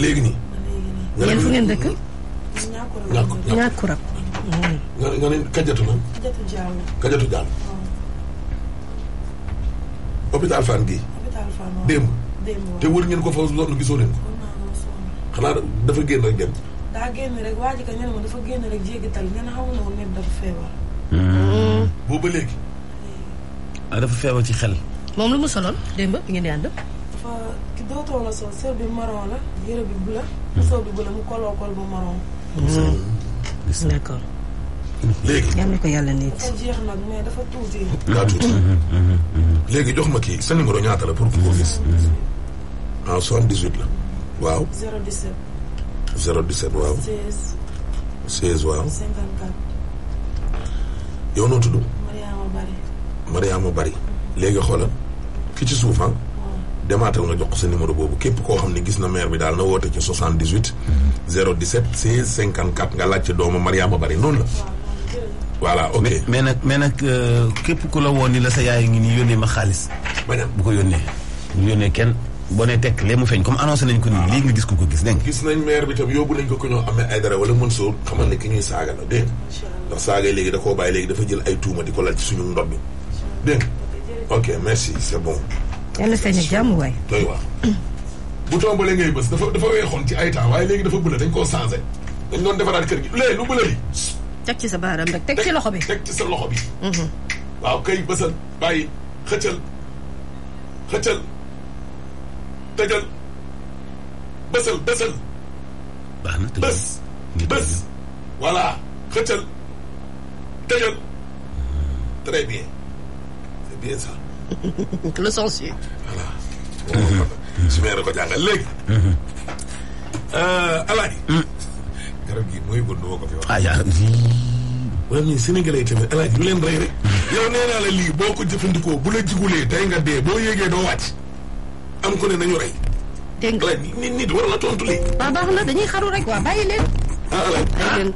léegi nii. nga leen fu ngeen dëkk. ñàkk ñàkk rab. nga nga ne kajatu lan. kajatu jàll. kajatu jàll. Oh. hôpital Fann gii. hôpital Fann démb. te wër ngeen ko fa loolu gisoo leen ko. xanaa dafa génn rek dem. daa génn rek waa ka ñu ne dafa génn rek jéggi tal ñu ne xamu na ko dafa feebar. Hmm. boobu léegi. ah dafa feebar ci xel. moom lu mu soloon démb ngeen di ànd. ki dootoo la sol sër bi marron la yére bi bu la musóor bi bu mu koloo kol bu marron d'accord léegi yal na ko yàlla nit jeex nag mais dafa tuuti daa tuuti mm-hmm, mm-hmm, mm-hmm. léegi jox ma kii sa numéro ñaata la pour ku ko gis ah soixante dix huit la waaw zéro dix sept zéro dix sept waaw seize seize waaw cinquante quatre yow noo tudd Mariama Bari Mariama Bari léegi xoolal ki ci ah? demaatal nga jox ko sa numéro boobu képp koo xam ne gis na maire bi daal na woote ci 78. 017 16 54 nga laajte doomu Mariama Bari noonu la. voilà ok mais nag mais nag euh, képp ku la woon ni la sa yaay ngi nii yónnee ma xaalis. bu ko yónnee. bu yónnee kenn boo nee tekk lee mu feeñ comme annoncé nañ ko nii lii nga gis ku ko gis dégg gis nañ maire bi tam yóbbu nañ ko ko ñoo amee ay dara wala mën soo xamal ne ki ñuy saaga la dégg ndax saaga léegi dafa jël ay tuuma di ko lal ci suñu ok merci c'est bon. yàlla sañ a jàmm waay. doy waar. bu tombalee ngay bës dafa dafa weexoon ci ay temps waaye léegi dafa bële dañ koo changé dañ doon defaraat kër gi léegi lu bële li. teg ci sa baaram rek ci loxo bi teg ci sa loxo bi. Mhm. waaw kay bësal bàyyi xëccal xëccal tëjal bësal bësal. baax na tëjal bës bës. voilà xëccal tëjal. Mhm. très bien c'est bien ça. le sorcier. voilà. su ma ko jàngal léegi. Mhm. Euh, Alaaji. Mm. garab gi mooy gudd woo ko fi wax. ah yaa maanaam ñun sénégalais tamit Alaaji du leen rey mm. boo ko jëfandikoo bu la jigulee day nga dee boo yéegee doo wàcc. am ko ne nañu rey. dégg nga Alaaji nit nit war na tontu lii. waaw baax na dañuy xaru rek waa bàyyi leen. ah Alaaji bàyyi leen.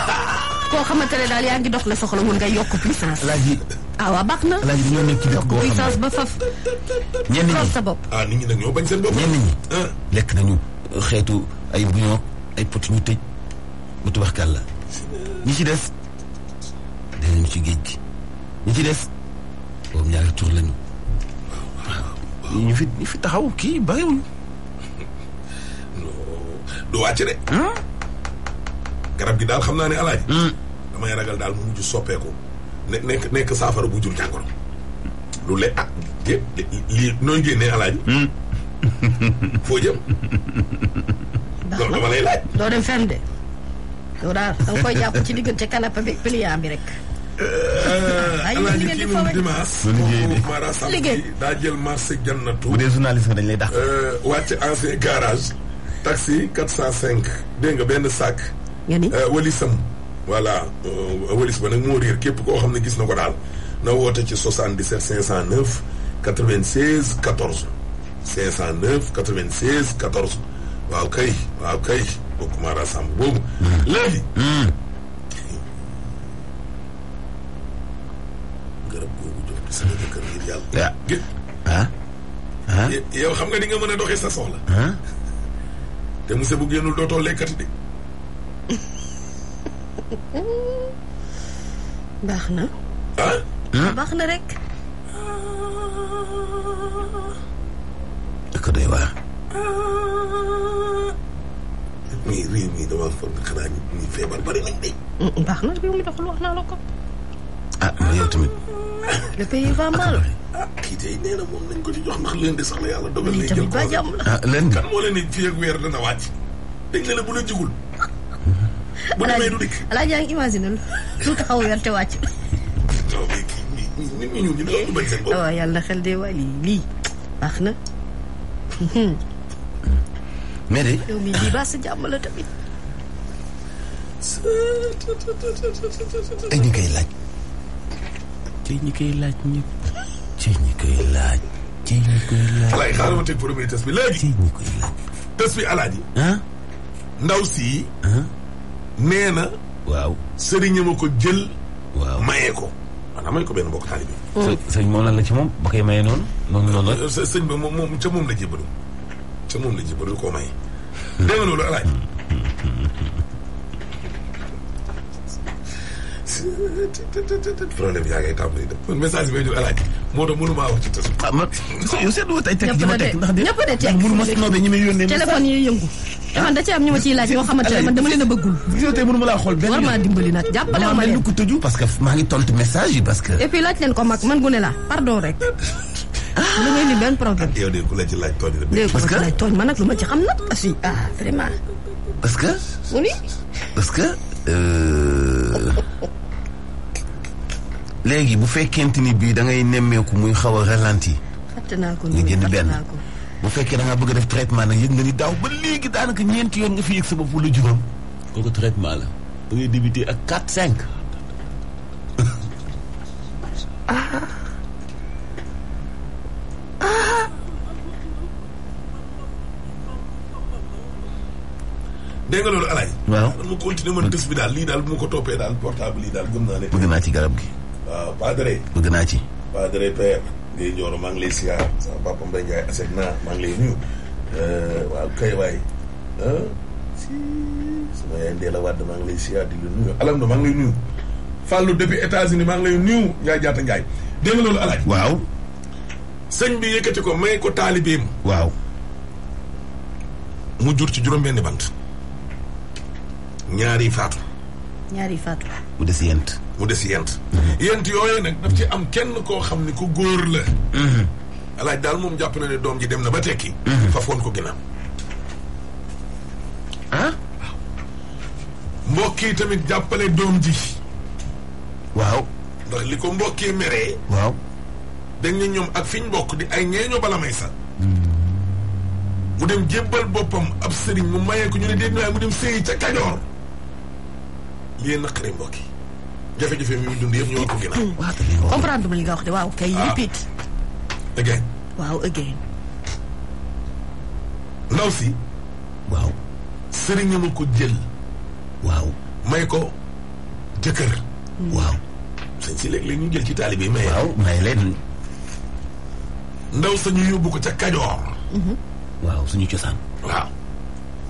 koo xamante ne daal yaa ngi dox la soxla woon ngay yokk puissance. Alaaji. ah waaw baax na. alaaji dañoo nekk ci dëkk boo xam ne puissance ba faf. ñenn ñi ah, ñi nag ñoo bañ seen bopp. ñenn ñi ah. lekk nañu xeetu ay buñoo ay pot ñu tëj ba tubaxkàl la ñi ci des danañu ci géej gi ñi ci des boobu ñaari lañu. waaw ñu fi ñu fi taxaw kii bàyyiwuñu. du wàcc de. Hmm? garab gi daal xam naa ne alaaji. Hmm. damay ragal daal mu mujj soppeeku. nekk nekk saafara bu jur jàngoro. lu le ah lii nooy génnee alaaji. Hmm. foo jëm. loolu dama lay laaj. doo dem fenn de. yow daal da koy jàpp ci diggante canapé bi pliant bi rek. Euh, alaaji kii moom dimanche. liggéey liggéey daa jël marché jannatu. bu dee journaliste nga dañ lay euh, cinq wàcc nga benn sac. nga ni euh, wali voilà euh, walis ba nag moo réer képp koo xam ne gis na ko daal na woote ci 77 509 96 14 509 96 14 waaw kay waaw kay bokk Mara boobu hmm. léegi hmm. garab googu jox ci sama jëkkër ngir yàlla yow xam nga di nga mën a doxee sa soxla te monsieur bu génnul dootoo lekkati de baax na. Ah? Ah? baax na rek. dëkk doy waar. mais réew mi dama foog xanaa ñu feebar bari nañ de. baax na réew mi doxul wax naa la ko. ah mais yow tamit. le pays va mal. ah, ah kii tey nee na moom nañ ko ci jox ndax lundi sax la yàlla dogal. lay jël ko ah lundi. kan moo leen di fii ak weer dana wàcc. dañ ne la bu la jigul. bu demee du dikk alaaji yaa ngi imagine lu lu taxaw weer te wàcc. waaw yàlla na xel de waa lii lii baax na. mais de. yow mii bii baax sa jàmm la tamit. te ñi koy laaj. te ñi koy laaj ñëpp. te ñi koy laaj. te ñi koy laaj. alaaji xaaral ma teg premier test bi léegi. te ñi koy laaj. test bi alaaji. ah. ndaw si. nee na. waaw sëriñ ko jël. waaw maye ko. maanaam may ko benn mbokk taalibe bi. së sëñ moom ci moom ba koy maye noonu. noonu noonu la sëñ bi moom moom moom la jébbalu ca moom la jébbalu koo maye. Hmm. dégg nga loolu alaaj hmm. problème yaa ngay moo tax mënu maa wax ci tas. ah man yow seetlu ma tey tekki ndax de. ñëpp a de tekki mënu yi yëngu. man da ci am ñu ma ciy laaj yoo xamante ne man dama leen bëggul vidéo tey mënuma laa xool benn war maa dimbali ma leen ko parce que ngi tontu message yi parce que et puis laaj leen ko man gune la pardon rek lu ngay ah, eh. ni benn problème yow de ku la ci laaj tooñ parce que ci xam ah vraiment parce que oui parce que euh léegi bu fekkente ni bii da ngay nemmeeku muy ralenti. ñu bu fekkee da bëgg def traitement nag yëg nga ni daaw ba léegi daanaka ñeenti yoon nga fi yëg sa bopp wala juróom. kooku traitement la. da ngay ak 4 5. dégg nga loolu alaay. bi daal lii daal ko toppee daal portable yi daal naa bëgg naa ci garab gi. waaw Padre. bëgg naa ci. Padre Père. Guèye Ndioro maa ngi lay siyaar sama papa Mbaye Ndiaye asek naa maa ngi lay nuyu euh, waaw kay waay di la nuyu alamdo maa États-Unis maa ngi Jaata Ndiaye dégg loolu alaaj waaw sëñ bi yëkkati ko may ko taalibeem waaw mu jur ci juróom-benni bant ñaari ñaari faatu mu des yent mu des yent yent yooyu nag daf ci am kenn koo xam ni ku góor la mhm. alaaj daal moom jàpp na doom ji dem na ba tekki mhm. faf ko ginnaaw ah yi tamit jàppale doom ji waaw ndax li ko mbokk yi meree waaw dañ ne ak fi ñu di ay ñeeño bala may sa mhm. dem jébbal boppam ab sëriñ mu mayee ko ñu ne déet waaye mu dem sëyi ca kajoor lii naqari mbokk yi jafe-jafe mi muy dund yëpp ñu war ko ginnaaw. comprendre ma li nga wax waaw kay. Ah. repeat again. waaw again. ndaw si. waaw. sëriñ ko jël. waaw may ko jëkkër. Hmm. waaw. si léeg-léeg jël ci taalibe yi may. waaw may leen. ndaw sañu yóbbu ko ca Kajoor. Mhm. waaw suñu cosaan. waaw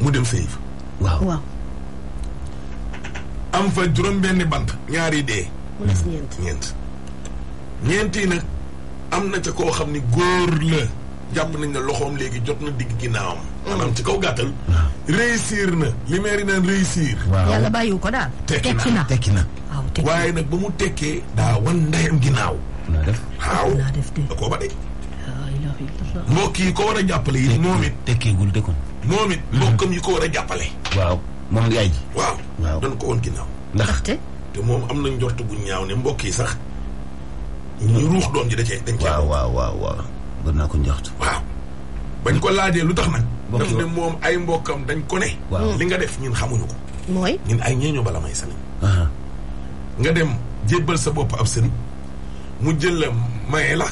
mu dem sëy fa. waaw. am fa juróom benni bant ñaari dee mu des ñeent ñeent nag am na ca koo xam ni góor la jàpp nañ la loxoom léegi jot na digg ginnaawam maanaam ci kaw gàttal réussir na li maire yi yàlla bàyyiwu ko daal tekki na tekki na waaye nag ba mu tekkee daa wan ndeyam ginnaaw mbokk yi ko war a jàppale yi moom it tekkeegul mm-hmm. yi ko war a jàppale waaw moom yaay ji. waaw waaw ndax te moom am nañ njort bu ne mbokk yi sax. ñu ruux doom ji dañ cee. waaw waaw waaw ko njort. waaw ko laajee lu tax nag. daf moom ay mbokkam dañ ko ne. waaw li nga def ñun xamuñu ko. mooy ñun ay ñeeño bala may sëriñ. nga dem jébbal sa bopp ab sëriñ mu jël la maye la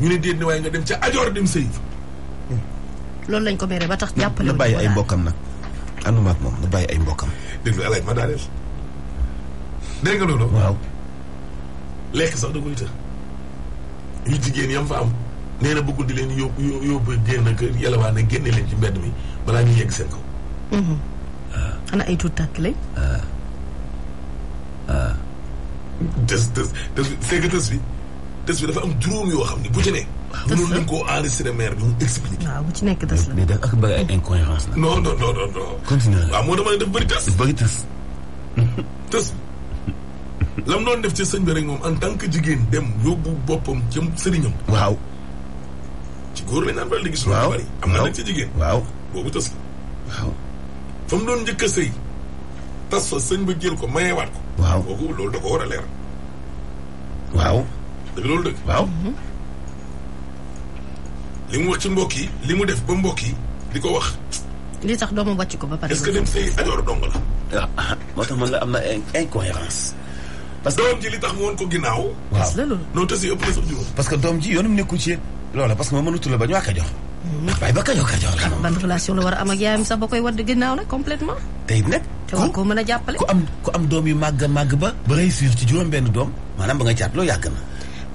ñu ne déet waaye nga dem ca ajoor dem sëy. loolu lañ ko mere ba tax jàppale. ñu bàyyi ay mbokkam nag. ànduma ak moom na bàyyi ay mbokkam. dégg nga El Hadj ma daaneel dégg loolu. waaw. lekk sax da koy të. yu jigéen yam fa am nee na di leen yóbbu yóbbu génn ak yalawaa génne leen ci mbedd mi balaa ñuy yegg seen kaw. waaw. Mm-hmm. Ah. xanaa ay tuut tàkk lañ. Ah. Ah. tës tës tës bi tës bi dafa am juróom yoo xam ne bu ci ne. mënoon nañ koo enregistré mu expliqué. ci nekk des la mais dafa ak bëri ay incohérence la. non non non non. continué waaw moo dama ne daf bëri tas. lam doon def ci sëñ bi rek moom en tant que jigéen dem yóbbu boppam jëm ci góor lañ naan faral di gis. waaw waaw am na nag ci jigéen. waaw boobu tas waaw. fa mu doon njëkk sëy tas fa sëñ ba jël ko mayeewaat ko. waaw kooku loolu da ko war a leer. waaw. dëgg loolu dëgg. waaw. Mhm. li mu wax ci mbokk yi li mu def ba mbokk yi di ko wax. li tax doomu wàcc ko ba pare. est-ce que dem say ajoor dong la. waaw ah, moo tax man la am na incohérence parce que doom ji li tax mu woon ko ginnaaw. waaw non te si ëpp na sax juróom. parce que doom ji yoonum nekkul ci loola parce que moom mënutu la ba ñu waa Kajoor. waaye hmm. ba Kajoor Kajoor la. ban relation la war a am ak yaayam sax ba koy wadd ginnaaw nag tey nag. te war koo mën a jàppale. ku am ku am doom yu màgg màgg ba. ba réussir ci juróom benn doom maanaam ba nga caat loo yàgg na.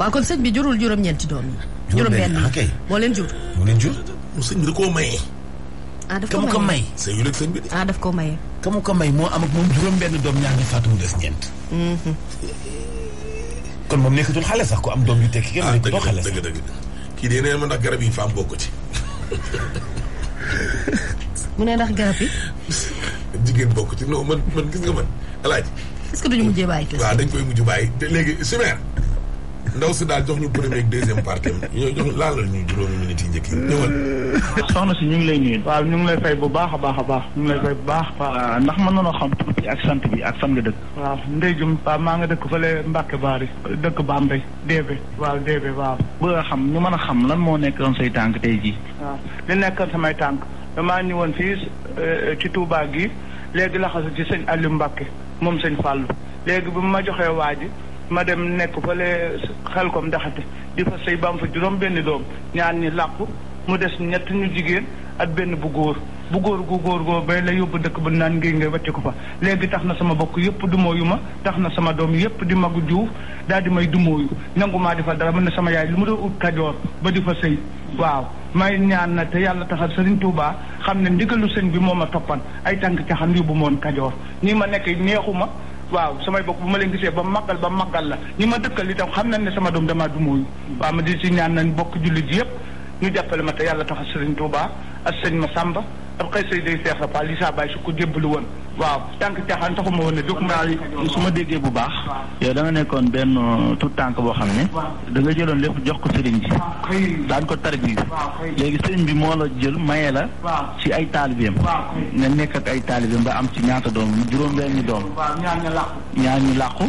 waaw kon sëñ bi jurul juróom-ñeenti doom yi juróom-benn ah, ok moo leen jur. moo leen jur. sëñ bi da koo mayee ah daf ko maye sëñ bi rek bi de. ah ko maye. ka mu ko may moo am ak moom juróom-benn doom ñaar ñi faatu mu des ñeent. Mm-hmm. kon moom nekkatul xale sax ko am doom yu tekki kenn ah, nekkatul xale kii de nee ma ndax garab yi fa am bokk ci. mu ne ndax garab yi. jigéen bokk ci non man man gis nga man alaaji. est-ce que duñu bàyyi kese. waaw dañ koy mujj bàyyi léegi Chimère. ndaw si daal jox ñu premier ak deuxième partie ñoo jox laal la ñu juróomi minutes yi soxna si ñu ngi lay nuyu. waaw ñu ngi lay fay bu baax a baax baax. ñu ngi lay fay bu baax a ndax mën nañoo xam tur ak sant bi ak fan nga dëkk. waaw maa nga dëkk fële Mbacke Bari dëkk Bambey. Débe waaw Débe waaw. a xam ñu mën a xam lan moo nekkoon say tànk tey jii. waaw li nekkoon samay tànk damaa ñëwoon fii eh, ci Touba gi léegi la xasu ci sëñ Aliou Mbacke moom sëñ Fallou léegi bu ma joxee waa ji ma dem nekk fële xel kom ndaxate di fa sëy ba am fa juróom benn doom ñaan ñi làqu mu des ñett ñu jigéen ak benn bu góor bu góor gu góor góor bay la yóbbu dëkk ba naan ngir ngay wacci ko fa léegi tax na sama bokk yëpp dumóoyu ma tax na sama doom yëpp di magu juuf daal di may dumóoyu nangu maa di fa dara mën na sama yaay lu mu doon ut kajoor ba di fa sëy waaw may ñaan na te yàlla taxal Serigne Touba xam ne ndigalu sëñ bi moom ma toppan ay tànk ca xam yóbbu moon kajoor waaw samay bokk bu ma leen gisee ba màggal ba màggal la ñi ma dëkkal itam xam na ne sama doom damaa dumóoyu waaw ma di ci ñaan nañ bokk julli yëpp ñu jàppale ma te yàlla tax a sëriñ a ak ma Masamba ab xëy say day seex la Fall li saa bàyyi su ko jébbalu woon. waaw tànk caaxaan taxuma woon ne document su ma déggee bu baax. yow da nekkoon benn euh, tout tànk boo xam ne. da jëloon lépp jox ko sëriñ bi. daan ko tarbi. léegi sëriñ bi moo la jël maye la. ci ay taalibeem. nga nekk ak ay taalibeem ba am ci ñaata doom juróom-benn doom. ñaar ñu làqu. ñaar ñu làqu.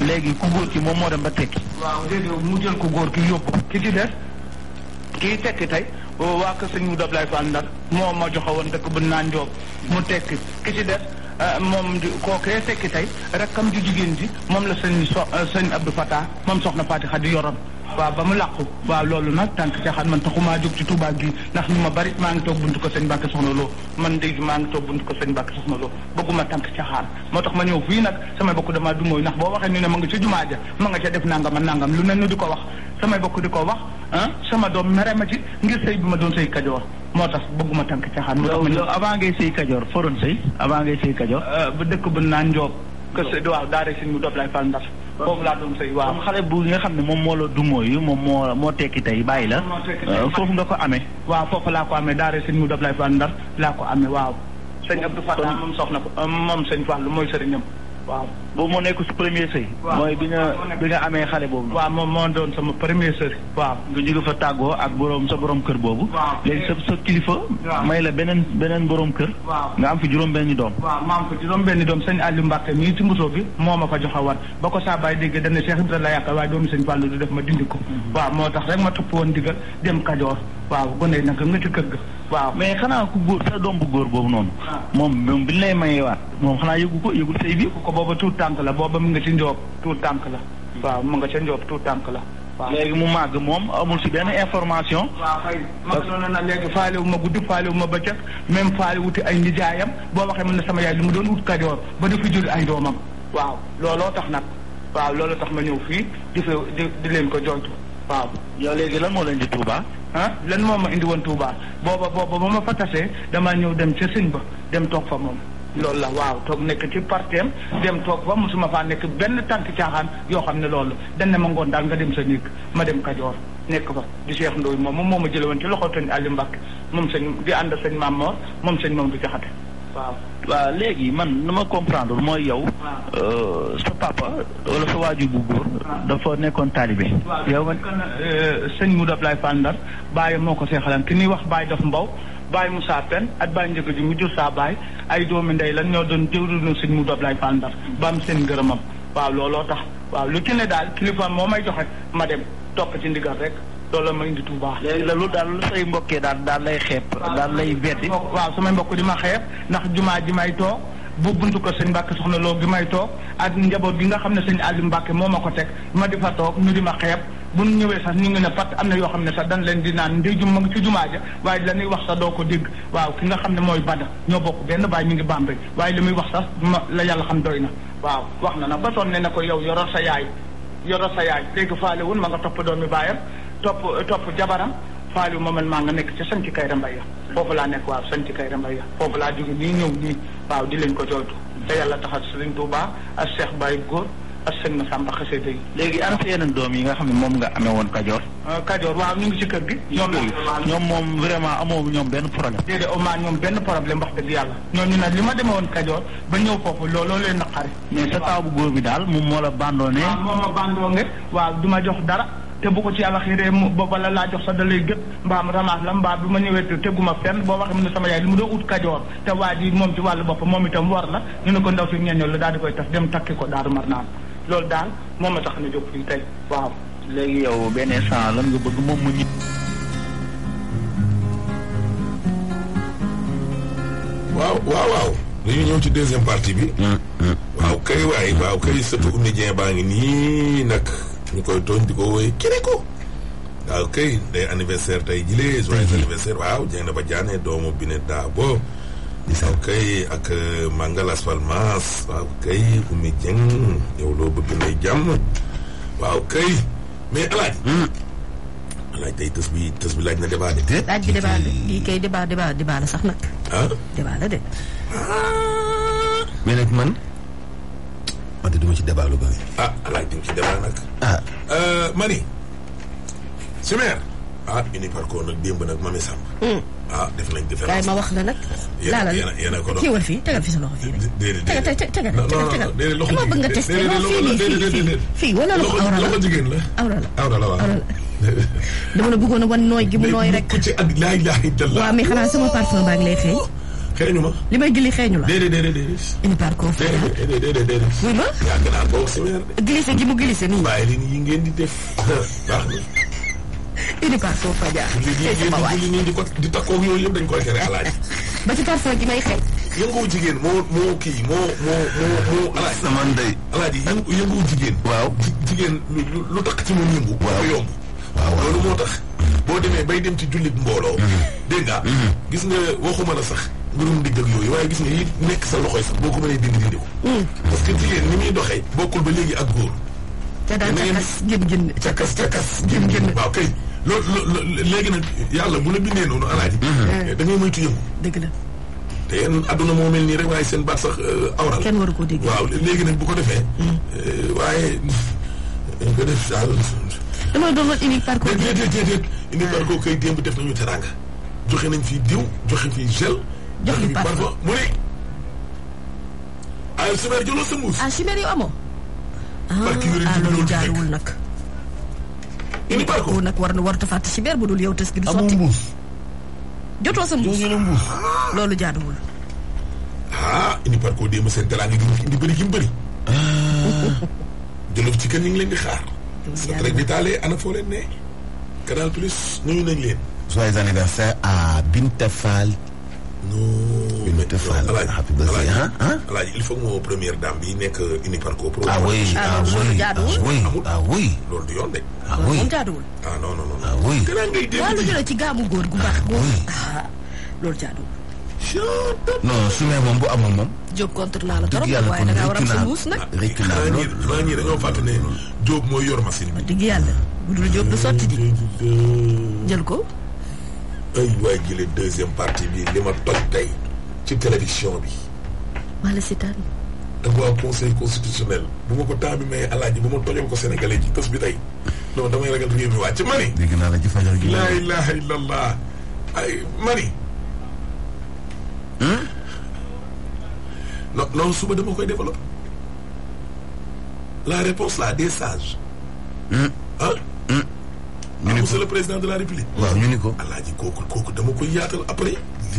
léegi ku góor ki moom moo dem ba tekki. waaw jël ku góor ki yóbbu. ki ci kii tekki tey waa kër sëñ Moudou Ablaye Fall Ndar moo ma joxe woon dëkk bu naan Ndiob mu tekki ki ci des euh, moom kookee tekki tey rakkam ju jigéen ji moom la sëñ so sëñ Abdou Fatah moom soxna Fatiha di yoroon. ba ba mu làqu waaw loolu nag ci caaxaan man taxuma jóg ci Touba gi ndax ñu ma bari maa ngi toog buntu ko sëñ Mbàkke soxna loo man de maa ngi toog buntu ko sëñ Mbàkke soxna loo bëgguma tànk caaxaan moo tax ma ñëw fii nag samay bokk dama du mooy ndax boo waxee ñu ne ma nga ca jumaa ja ma nga ca def nangam a nangam lu ne nu di ko wax samay bokk di ko wax ah sama doom mere ma ci ngir sëy bi ma doon sëy kajoor moo tax bëgguma tànk ci xaar. tax ma ñëw avant ngay sëy kajoor foron sëy avant ngay sëy kajoor euh, ba dëkk bu naan njoob kese waaw daara sin mu doob lay fal ndax foofu laa doon sëy waaw xale bu nga xam ne moom moo la du yu moom moo moo tekki tey euh, bàyyi la foofu nga ko amee waaw foofu laa ko amee daare sëñ mu dab lay fa ndar laa ko amee waaw sëñ Abdou Fatah moom soxna ko moom sëñ lu mooy sëriñam waaw boobu moo nekk su premier sëy mooy bi nga bi nga amee xale boobu waaw moom moo doon sama premier sëy waaw ma am ko juróom benni doom sëñ Aliou Mbacke mii ci ma ko joxe waat ba ko saa baay dégg dañ ne Cheikh Ibrahima la yàqal waaye doomu sëñ Fallou du def ma dindi ko mm-hmm. waaw moo ma topp woon digal dem Kajoor waaw gone noonu ah. moom moom bi lay mayee waat moom xanaa yëgu ko yëgul sëy bi ko booba tuut tànk la booba mu ngi ci njoob tuut tànk la. waaw mu nga ca njoob tuut tànk la. waaw léegi mu màgg moom amul si benn information. waaw xëy na nag léegi wu ma guddi faale wu ma bëccëg même faale wuti ay nijaayam boo waxee mën na sama yaay li ma doon wut kajoor ba dafa jur ay doomam. waaw looloo tax nag. waaw looloo tax ma ñëw fii di fa di di leen ko joytu waaw yow léegi lan moo leen di Touba. ah lan moo ma indi woon Touba booba booba ba ma fa tasee damaa ñëw dem ca sëñ ba dem toog fa loolu la waaw toog nekk ci parteem dem toog ba musuma faa nekk benn tant caaxaan yoo xam ne loolu dañ ne ma ngoon daal nga dem sa néeg ma dem Kajoor nekk fa di Cheikh Ndoye moom moom moo ma jële woon ci loxo sëñ Ali Mbacke moom sëñ di ànd sëñ Maam Mor moom sëñ moom du jaxate waaw waaw léegi man nu ma comprendre mooy yow euh, sa papa wala sa waajur bu góor dafa nekkoon taalibe yow man euh, sëñ Moudou Ablaye Fall Ndar Baye moo ko seexalaan ki ñuy wax Baye Dof mbaw Baye Moussa Penn ak Baye Ndiaga ji mu jur saa baay ay doomi ndey lan ñoo doon na sëñ mu dob lay Fall Ndar ba am seen ngërëmam waaw looloo tax waaw lu ci ne daal kilifa moo may joxe ma dem topp ci ndigal rek loolu ma indi Tuubaa léegi la lu daal lu say mbokkee daal daal lay xeeb daal lay beddi waaw samay mbokk di ma xeeb ndax jumaa ji may toog bu buntu ko sëñ Mbàkke soxna loo gi may toog ak njaboot gi nga xam ne seen Aliou Mbàkke moo ma ko teg ma di fa toog ñu di ma xeeb bu ñu ñëwee sax ñu ngi ne pat am na yoo xam ne sax dañ leen di naan ndi juma ci jumaa ja waaye la ñuy wax sax doo ko dégg waaw ki nga xam ne mooy bada ñoo bokk benn baay ñu ngi bàmbe waaye li muy wax sax ma la yàlla xam doy na waaw wax na nag ba sonn na ko yow yoro sa yaay yoro sa yaay faale wun ma nga topp doomi baayam topp topp jabaram faale wu ma man maa nga nekk ci sañ ci kay rambay ya foofu laa nekk waaw sanci kay rambay ya foofu laa jóge nii ñëw nii waaw di leen ko jooytu te yàlla taxat Sëriñ Tuubaa ak Cheikh Baye Góor ak sëñ ma sàmba léegi ana sa yeneen doom yi nga xam ne moom nga amee woon Kajoor euh, Kajoor waaw ñu ngi ci kër gi ñoom ñoom moom vraiment amoo ñoom benn problème déedéet ama ñoom benn problème wax dëgg yàlla ñoom ñu nag li ma demee woon Kajoor ba ñëw foofu loolu loolu leen naqari mais sa taaw bu góor bi daal moom moo la bandoone moom ma bandoone waaw du ma jox dara te bu ko ci yàlla xiiree mu la bala laa jox sa dalay gët mbaam ramaas la mbaa bi ma ñëwee teguma fenn boo waxee mu ne sama yaay li mu doon waa ji moom ci wàllu bopp moom itam war la ñu ne ko ndaw si daal di koy tas dem takki ko daaru mar naan loolu daal moom la tax na jóg fii tey waaw. léegi yow benn instant lan nga bëgg moom mu ñu. waaw waaw waaw. dañuy ñëw ci deuxième partie bi. Ah, ah. waaw kay waay waaw kay surtout Oumy Dieng baa ngi nii nag ñu koy tooñ di ko woy kere ko. waaw kay day anniversaire tey jile joyeux anniversaire waaw na ba jaanee doomu bi ne daa bo waaw kay ak euh, Manga Las Palmas waaw kay Oumy Dieng yow loo bëgg nay jàmm waaw kay mais alaaj hmm. alaaj tey tës bi tës laaj na débat de laaj bi kay débat débat sax nag ah débat de ah. mais nag man man de duma ci débat lu ah alaaj di nga ci débat nag ah euh, mani si ah uni par ko nag démb nag mami sàmb hmm. ah def nañ différence kaay ma wax la nag. laalal yéen a ko doon kiiwal fii tegal fi sa loxo fii rek. déedéet déedéet tegal tegal tegal tegal dama bëgg nga testé non fii nii fii fii wala loxo awra la loxo jigéen la. awra la awra la waaw awra la. dama la bëggoon a wan nooy gi mu nooy rek. ku ci ak laay laay dal la. waaw mais xanaa sama parfum baa ngi lay xeeñ. Oh, xeeñu ma. li may gili xeeñu la. déedéet déedéet déedéet. une part confiance. déedéet déedéet déedéet. wuy ma. yaa ngi naan boo wax si weer de. glissé gi mu glissé nii. bàyyi li ngeen di def baax na. idi parfum faja di ko di takkoog yooyu yëpp dañ koy xere alaaji ba ci parfum gi may xew yëngu jigéen moo moo kii moo moo moo moo alaaji sama ndey alaaji yëngu jigéen waaw jigéen lu takk ci moom yëngu waaw yomb waaw loolu moo tax boo demee bay dem ci jullit mbooloo dégg nga gis nga waxuma la sax mbirum digg ak yooyu waaye gis nga yi nekk sa loxoy sax boo ko mënee dindi dindi ko parce jigéen ni muy doxee bokkul ba léegi ak góor te daal cakkas gën gën waaw kay loolu léegi nag yàlla bu la bindee noonu alaaji. Mhm. Eh, da ngay moytu yëngu. dëgg la. te yéen adduna moo mel nii rek waaye seen baat sax eh, awral kenn waru ko dégg waaw léegi nag bu ko defee. Mhm. Eh, waaye dañ ko def daal. damay ah. def nañu teranga. joxe nañ fi diw joxe fi gel. joxe fi parfum mu ne. ah Chimère jëloo sa mbuus. ah Chimère yu amoo. ah loolu jaarul nag ini parcours nag war na warut a fàtte ci beer bu dul yow tës gi du sotti amul mbuus jotoo sa mbuus jotoo mbuus loolu jaaduwul ah ini parcours déema seen talaa ngi indi bëri gi mu bëri jolof ci kan ñu ngi leen di xaar sa trek bi taalee ana foo ne Canal Plus nuyu nañ leen joyeux anniversaire à Binta Fall te Fall happy birthday hein hein Alaaji il faut que première dame bi nekk uniparco pro ah e oui ah oui ah oui ah oui loolu du yoon de ah oui moom jaaduwul ah non non non ah oui te ngay dem wàllu jëlee ci gaamu góor gu baax góor loolu jaaduwul non su ne moom bu amoon moom Diop contre naa la trop waaye da ngaa war a sa mbuus nag rëcc naa lool xanaa ñii dañoo fàtte ne Diop yor machine bi dëgg yàlla bu dul Diop du sotti di jël ko ay waay jële deuxième partie bi li ma toj ci télévision bi. wala seetaan. dama am conseil constitutionnel bu ma ko temps bi maye alaaji bu ma tojal ko sénégalais ci tas bi tey non damay ragal réew mi wàcc naa la ci gi. laa ilaha illallah ay mani. non non suba dama koy développé. la réponse là des sages. ah. ñu ni ah, ko monsieur président de la république. waaw ñu ni ko. alaaji kooku kooku dama koy yaatal après.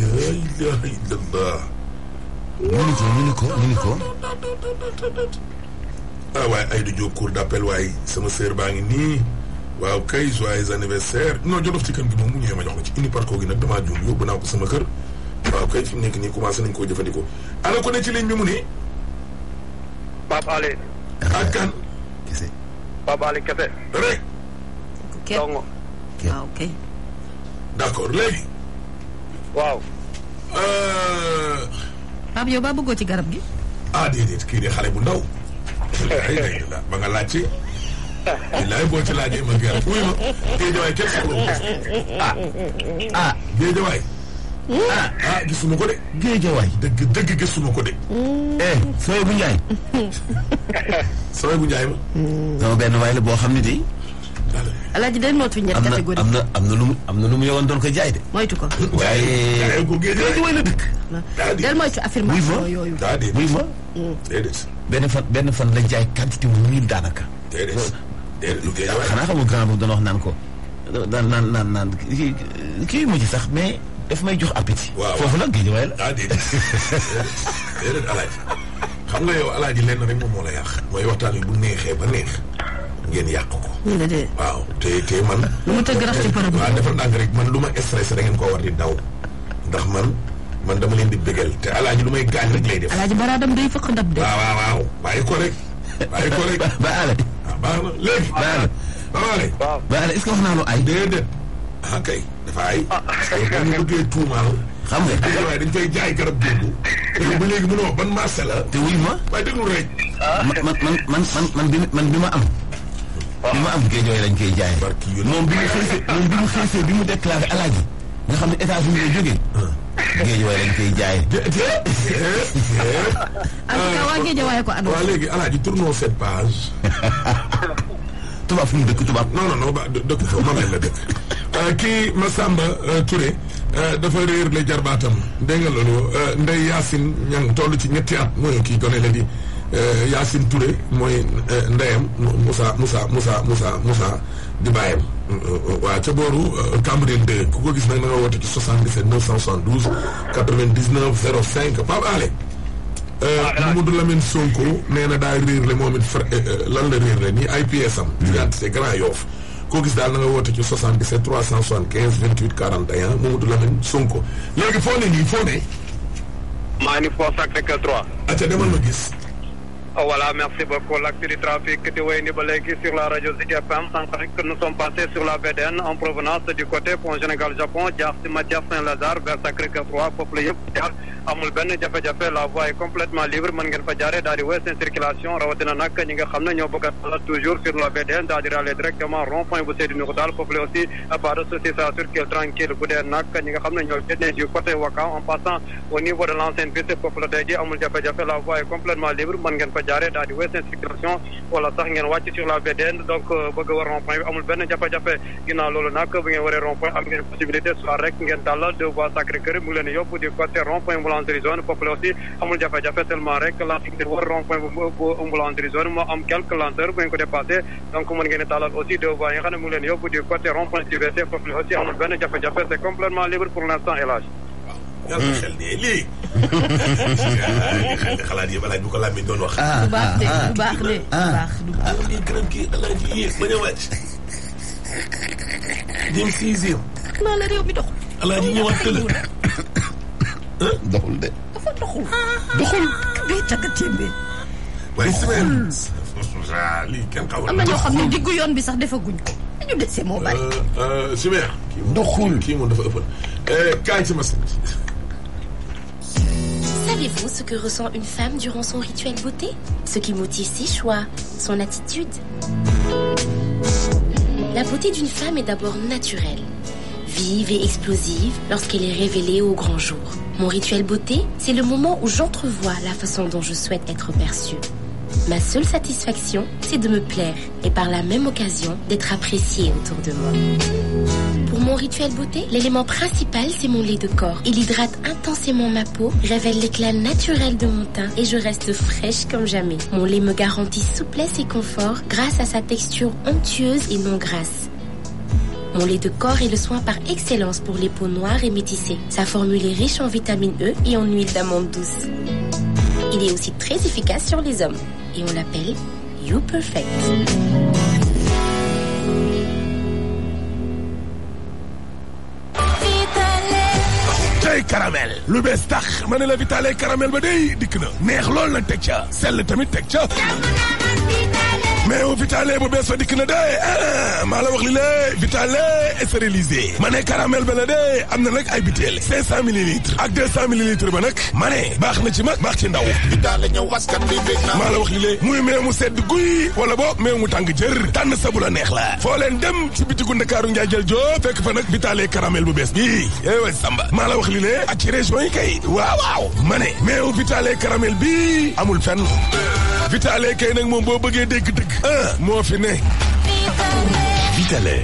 laa ilaaha illallah ñu ko mu ni ko ñu ni ko waaye Aïda Diop cour d'appel waaye sama sœur baa ngi nii waa kay joyeux anniversaire non jodof ci kan gi moom mu ñëwee ma jox la ci uni gi nag damaa juum yóbbu naa ko sama kër waaw kay fi mu nekk nii commencé nañ koo jëfandikoo ana ko ne ci ligne bi mu ne Pape Alé ak kan kese Pape rek donc waaw kay waaw. Euh. Pape yow baa bëggoo ci garab gi. ah déedéet kii de xale bu ndaw. ba nga laajte. bilaay boo ci laajee ma gerte ma géejawaay kenn ko ah, ah géejawaay. Hmm? Ah, ah, gisuma ko de. géejawaay dëgg dëgg gisuma ko de. eh bu Ndiaye. Soye bu Ndiaye ma. Hmm. sama benn waay la boo xam ne de. alaaji day nootu ñetti catégorie am na am na lu mu am na lu mu yowoon doon ko jaay de. moytu ko. waaye léegi mooy la dëkk. del moytu affirmation yooyu. daa di buy ma. Mm. déedéet. benn fan benn fan la jaay quantité wu mille daanaka. déedéet déedéet. xanaa xamul grand boobu doon wax naan ko daan naan naan naan kii kii mujj sax mais daf may jox appétit. waaw foofu nag géej waaye la. daa di déedéet alaaji xam nga yow alaaji lenn rek moom moo la yàq. mooy waxtaan wi bu neexee ba neex. ngeen yàq ko. waaw te te man. lu mu tëgg rax ci përëb. waaw defal ndànk rek man lu ma stressé da koo war di daw ndax man man dama leen di bégal te alaaji lu may gaañ rek lay def. alaaji baraadam day fëq ndab de. waaw waaw waaw bàyyi ko rek. bàyyi ko rek ba ala. waaw ah, baax na léegi. ba ala ba ala. ba ala est-ce wax naa lu ay. déedéet ah kay dafa ay. Ah. parce que bëggee tuumaal. xam nga dégg waaye dañ koy jaay garab dégg. Ah. te ba léegi mënoo ban marché la. te wuy ma. waaye déglu rek. man man man man man bi ma am. li ma am géejooy lañ koy jaay moom bi mu xëysee moom bi mu xëysee bi mu déclaré alaaji nga xam ne États-Unis la jógee ah. géejooy lañ koy jaay waa géejooy ko àndoo waaw léegi alaaji tournons cette page tubaab fu mu dëkk tubaab non non non ba dëkk foofu ma mel la dëkk euh, kii Massamba euh, Touré euh, dafa réer le jarbaatam dégg nga loolu Ndeye Yacine ñang ci ñetti at mooy kii gone la di Euh, Yacine Touré mooy euh, ndeyam Moussa Moussa Moussa Moussa Moussa di bàyyam euh, waaw ca booru Cambérène 2 ku ko gis nag na nga woote ci 77 972 99 05 Pape Alé ah, Mamadou Lamine Sonko nee na daay réer le moom it fra lan la réer le nii IPS am hmm. diggante c'est Grand Yoff koo gis daal na nga woote ci 77 375 28 41 Mamadou Lamine Sonko léegi foo ne nii foo ne maa ngi foo Sacré-Cœur 3 aca demal ma gis Ah, voilà, merci beaucoup. L'acte du trafic de Wayne sur la radio City FM, sans que nous sommes passés sur la BDN en provenance du côté pont Génégal-Japon, Diarcy, Mathias, Saint-Lazare, vers Sacré-Cœur 3, Poplier, amul Ben, Djafé Djafé. la voie est complètement libre mën ngeen fa jaaree daal circulation rawatina Nak, ñi nga xam ne ñoo bëgg toujours sur la BDN, daal directement rond point bu Seydou Nourou daal foofu la aussi pas de souci ça circule tranquille bu dee nag ñi nga xam ne ñoo du côté Wakam en passant au niveau de l'ancienne ville foofu la day ji amul la voie est complètement libre mën ngeen jaaree daal di wees instruction wala sax ngeen wàcc sur la VDN donc euh, bëgg war rond point bi amul benn jafe-jafe ginnaaw loolu nag bu ngeen waree rond point am ngeen possibilité soit rek ngeen dal deux voies sacré cœur mu ngi leen yóbbu di côté rond point boulangerie zone foofu la aussi amul jafe-jafe seulement rek la ngeen war rond point bu boulangerie zone moo am quelques lenteurs bu ngeen ko dépassé donc mën ngeen dalal aussi deux voies yi nga xam ne mu leen yóbbu di côté rond point UVC foofu la aussi amul benn jafe-jafe c'est complètement libre pour l'instant élage yàlla na xel dee léegi. xalaat yëpp alaaj bu ko làmmi doon wax. Ah, ah, ah. du baax de du baax de du baax du baax. yow mii kanam kii alaaj bi yéeg ba ñu wàcc. jëm sixième. non la réew mi dox. alaaj yi ñëwaat tële. doxul de. dafa doxul. doxul. day takk témbe. waaye lii kenn xamul. am na ñoo xam ne diggu yoon bi sax defaguñ ko. ñu dese moo bari. Euh, euh, Zubair. doxul kii moom dafa ëppal. Euh, kaay ci ma Savez-vous ce que ressent une femme durant son rituel beauté Ce qui motive ses choix, son attitude. La beauté d'une femme est d'abord naturelle, vive et explosive lorsqu'elle est révélée au grand jour. Mon rituel beauté, c'est le moment où j'entrevois la façon dont je souhaite être perçue. Ma seule satisfaction, c'est de me plaire et par la même occasion d'être appréciée autour de moi mon rituel beauté, l'élément principal, c'est mon lait de corps. Il hydrate intensément ma peau, révèle l'éclat naturel de mon teint et je reste fraîche comme jamais. Mon lait me garantit souplesse et confort grâce à sa texture onctueuse et non grasse. Mon lait de corps est le soin par excellence pour les peaux noires et métissées. Sa formule est riche en vitamine E et en huile d'amande douce. Il est aussi très efficace sur les hommes et on l'appelle You Perfect. caramel lu bees tax ma ne la vitale caramel ba day dikk na neex lool nag teg ca sell tamit teg ca mais vitale bu bees fa dikk na de eh, maa la wax li lée vitale stérilisé ma ne caramel ba la am na nag ay biteel cinq cent millilitres ak deux cent millilitres ba nag ma ne baax na ci mag baax ci ndaw vitale ñëw askan bi bég na maa la wax li lée muy meew mu sedd guy wala bo meew mu tàng jër tànn sa la neex la foo leen dem ci bitigu ndakaaru njaay jël joo fekk fa nag vitale caramel bu bees bi éwa eh samba maa la wax li ak ci région yi kay waaw waaw ma ne meew vitale caramel bi amul fenn Vitale kay nak mom bo beugé dégg dëgg ah moo fi né Vitale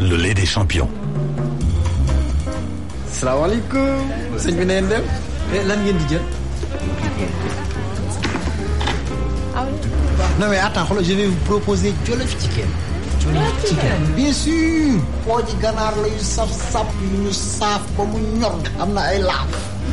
le lait des champions salaamaaleykum sëñ bi na ngeen eh, lan ngeen di jël non mais attends je vais vous proposer jollof chicken jollof chicken bien sûr pooji ganaar la yu saf-saf yu ñu saaf ba mu ñor Amna, na ay laaf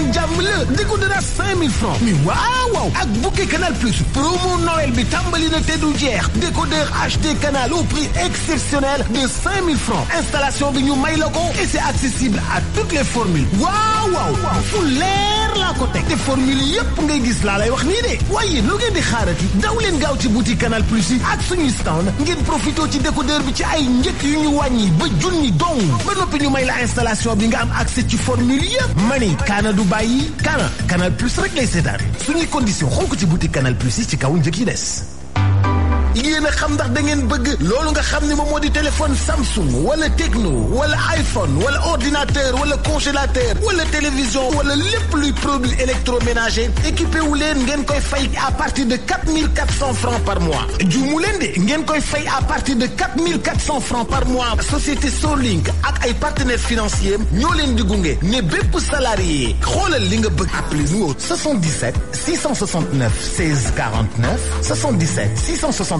leen jàmm la décompte 5000 francs mais waouh, ak bouquet canal plus promo noël bi tàmbali na te du jeex décodeur HD canal au prix exceptionnel de 5000 francs installation bi ñu may la et c'est accessible à toutes les formules Waouh, waouh fu leer laa ko teg te formule yépp ngay gis laa lay wax nii de waaye lu ngeen di xaarati daw leen gaaw ci boutique canal plus yi ak suñu stand ngeen profité ci décodeur bi ci ay njëkk yu ñu wàññi ba junni dong ba noppi ñu may la installation bi nga am accès ci formule yépp mani kaana bàyyi kana canal plus rek ngay seetaan suñuy condition xool ko ci boutique canal plus yi ci kaw njëkk yi des yéen xam ndax da ngeen bëgg loolu nga xam ne moom moo di téléphone Samsung wala Tecno wala iPhone wala ordinateur wala congélateur wala télévision wala lépp luy produit électroménager équipé wu leen ngeen koy fay à partir de 4400 francs par mois juumu leen de ngeen koy fay à partir de 4400 francs par mois société Solink ak ay partenaires financiers ñoo leen di gunge ne bépp salarié xoolal li nga bëgg appelez-nous au 77 669 16 49 77 669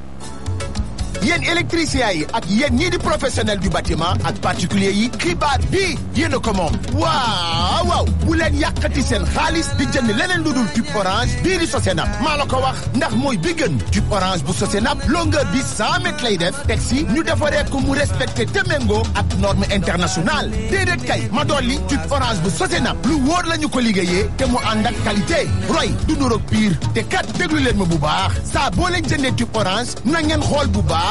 yéen électriciens yi ak yéen ñii di professionnel du bâtiment ak particulier yi xibaar bii yéen a ko moom waaw waaw bu leen yàqati seen xaalis di jënd leneen lu dul orange bii di Sosenap maa la ko wax ndax mooy bi gën tube orange bu Sosenap longueur bi 100 mètres lay def teg si ñu defaree ko mu respecté teméngoo ak norme internationale déedéet kay ma dolli tube orange bu Sosenap lu wóor la ñu ko liggéeyee te mu ànd ak qualité roy du nuroog pire te kat déglu leen ma bu baax saa boo leen jëndee tube orange na ngeen xool bu baax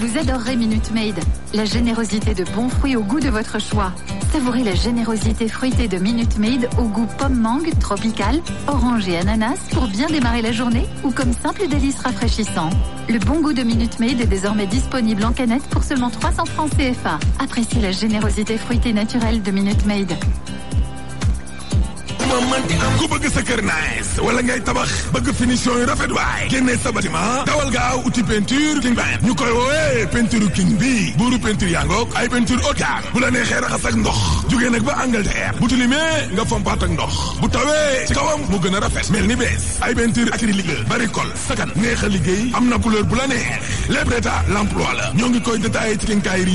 Vous adorerez Minute Maid, la générosité de bons fruits au goût de votre choix. Savourez la générosité fruitée de Minute Maid au goût pomme mangue, tropical, orange et ananas pour bien démarrer la journée ou comme simple délice rafraîchissant. Le bon goût de Minute Maid est désormais disponible en canette pour seulement 300 francs CFA. Appréciez la générosité fruitée naturelle de Minute Maid. bâtiment manti am ku bëgg sa kër nice wala ngay tabax bëgg finition yu rafet waay génne sa bâtiment dawal gaaw uti peinture king bayan ñu koy woowee peinture king bi buuru peinture yaa ngoog ay peinture haute gamme bu la neexee raxas ndox jógee nag ba Angleterre bu tilimee nga fompaat ak ndox bu tawee ci kawam mu gën a rafet mel ni bees ay peinture acrylique la bari col neex a liggéey am na couleur bu la neex lépp d'état l'emploi la ñoo ngi koy détaillé ci kinkaayri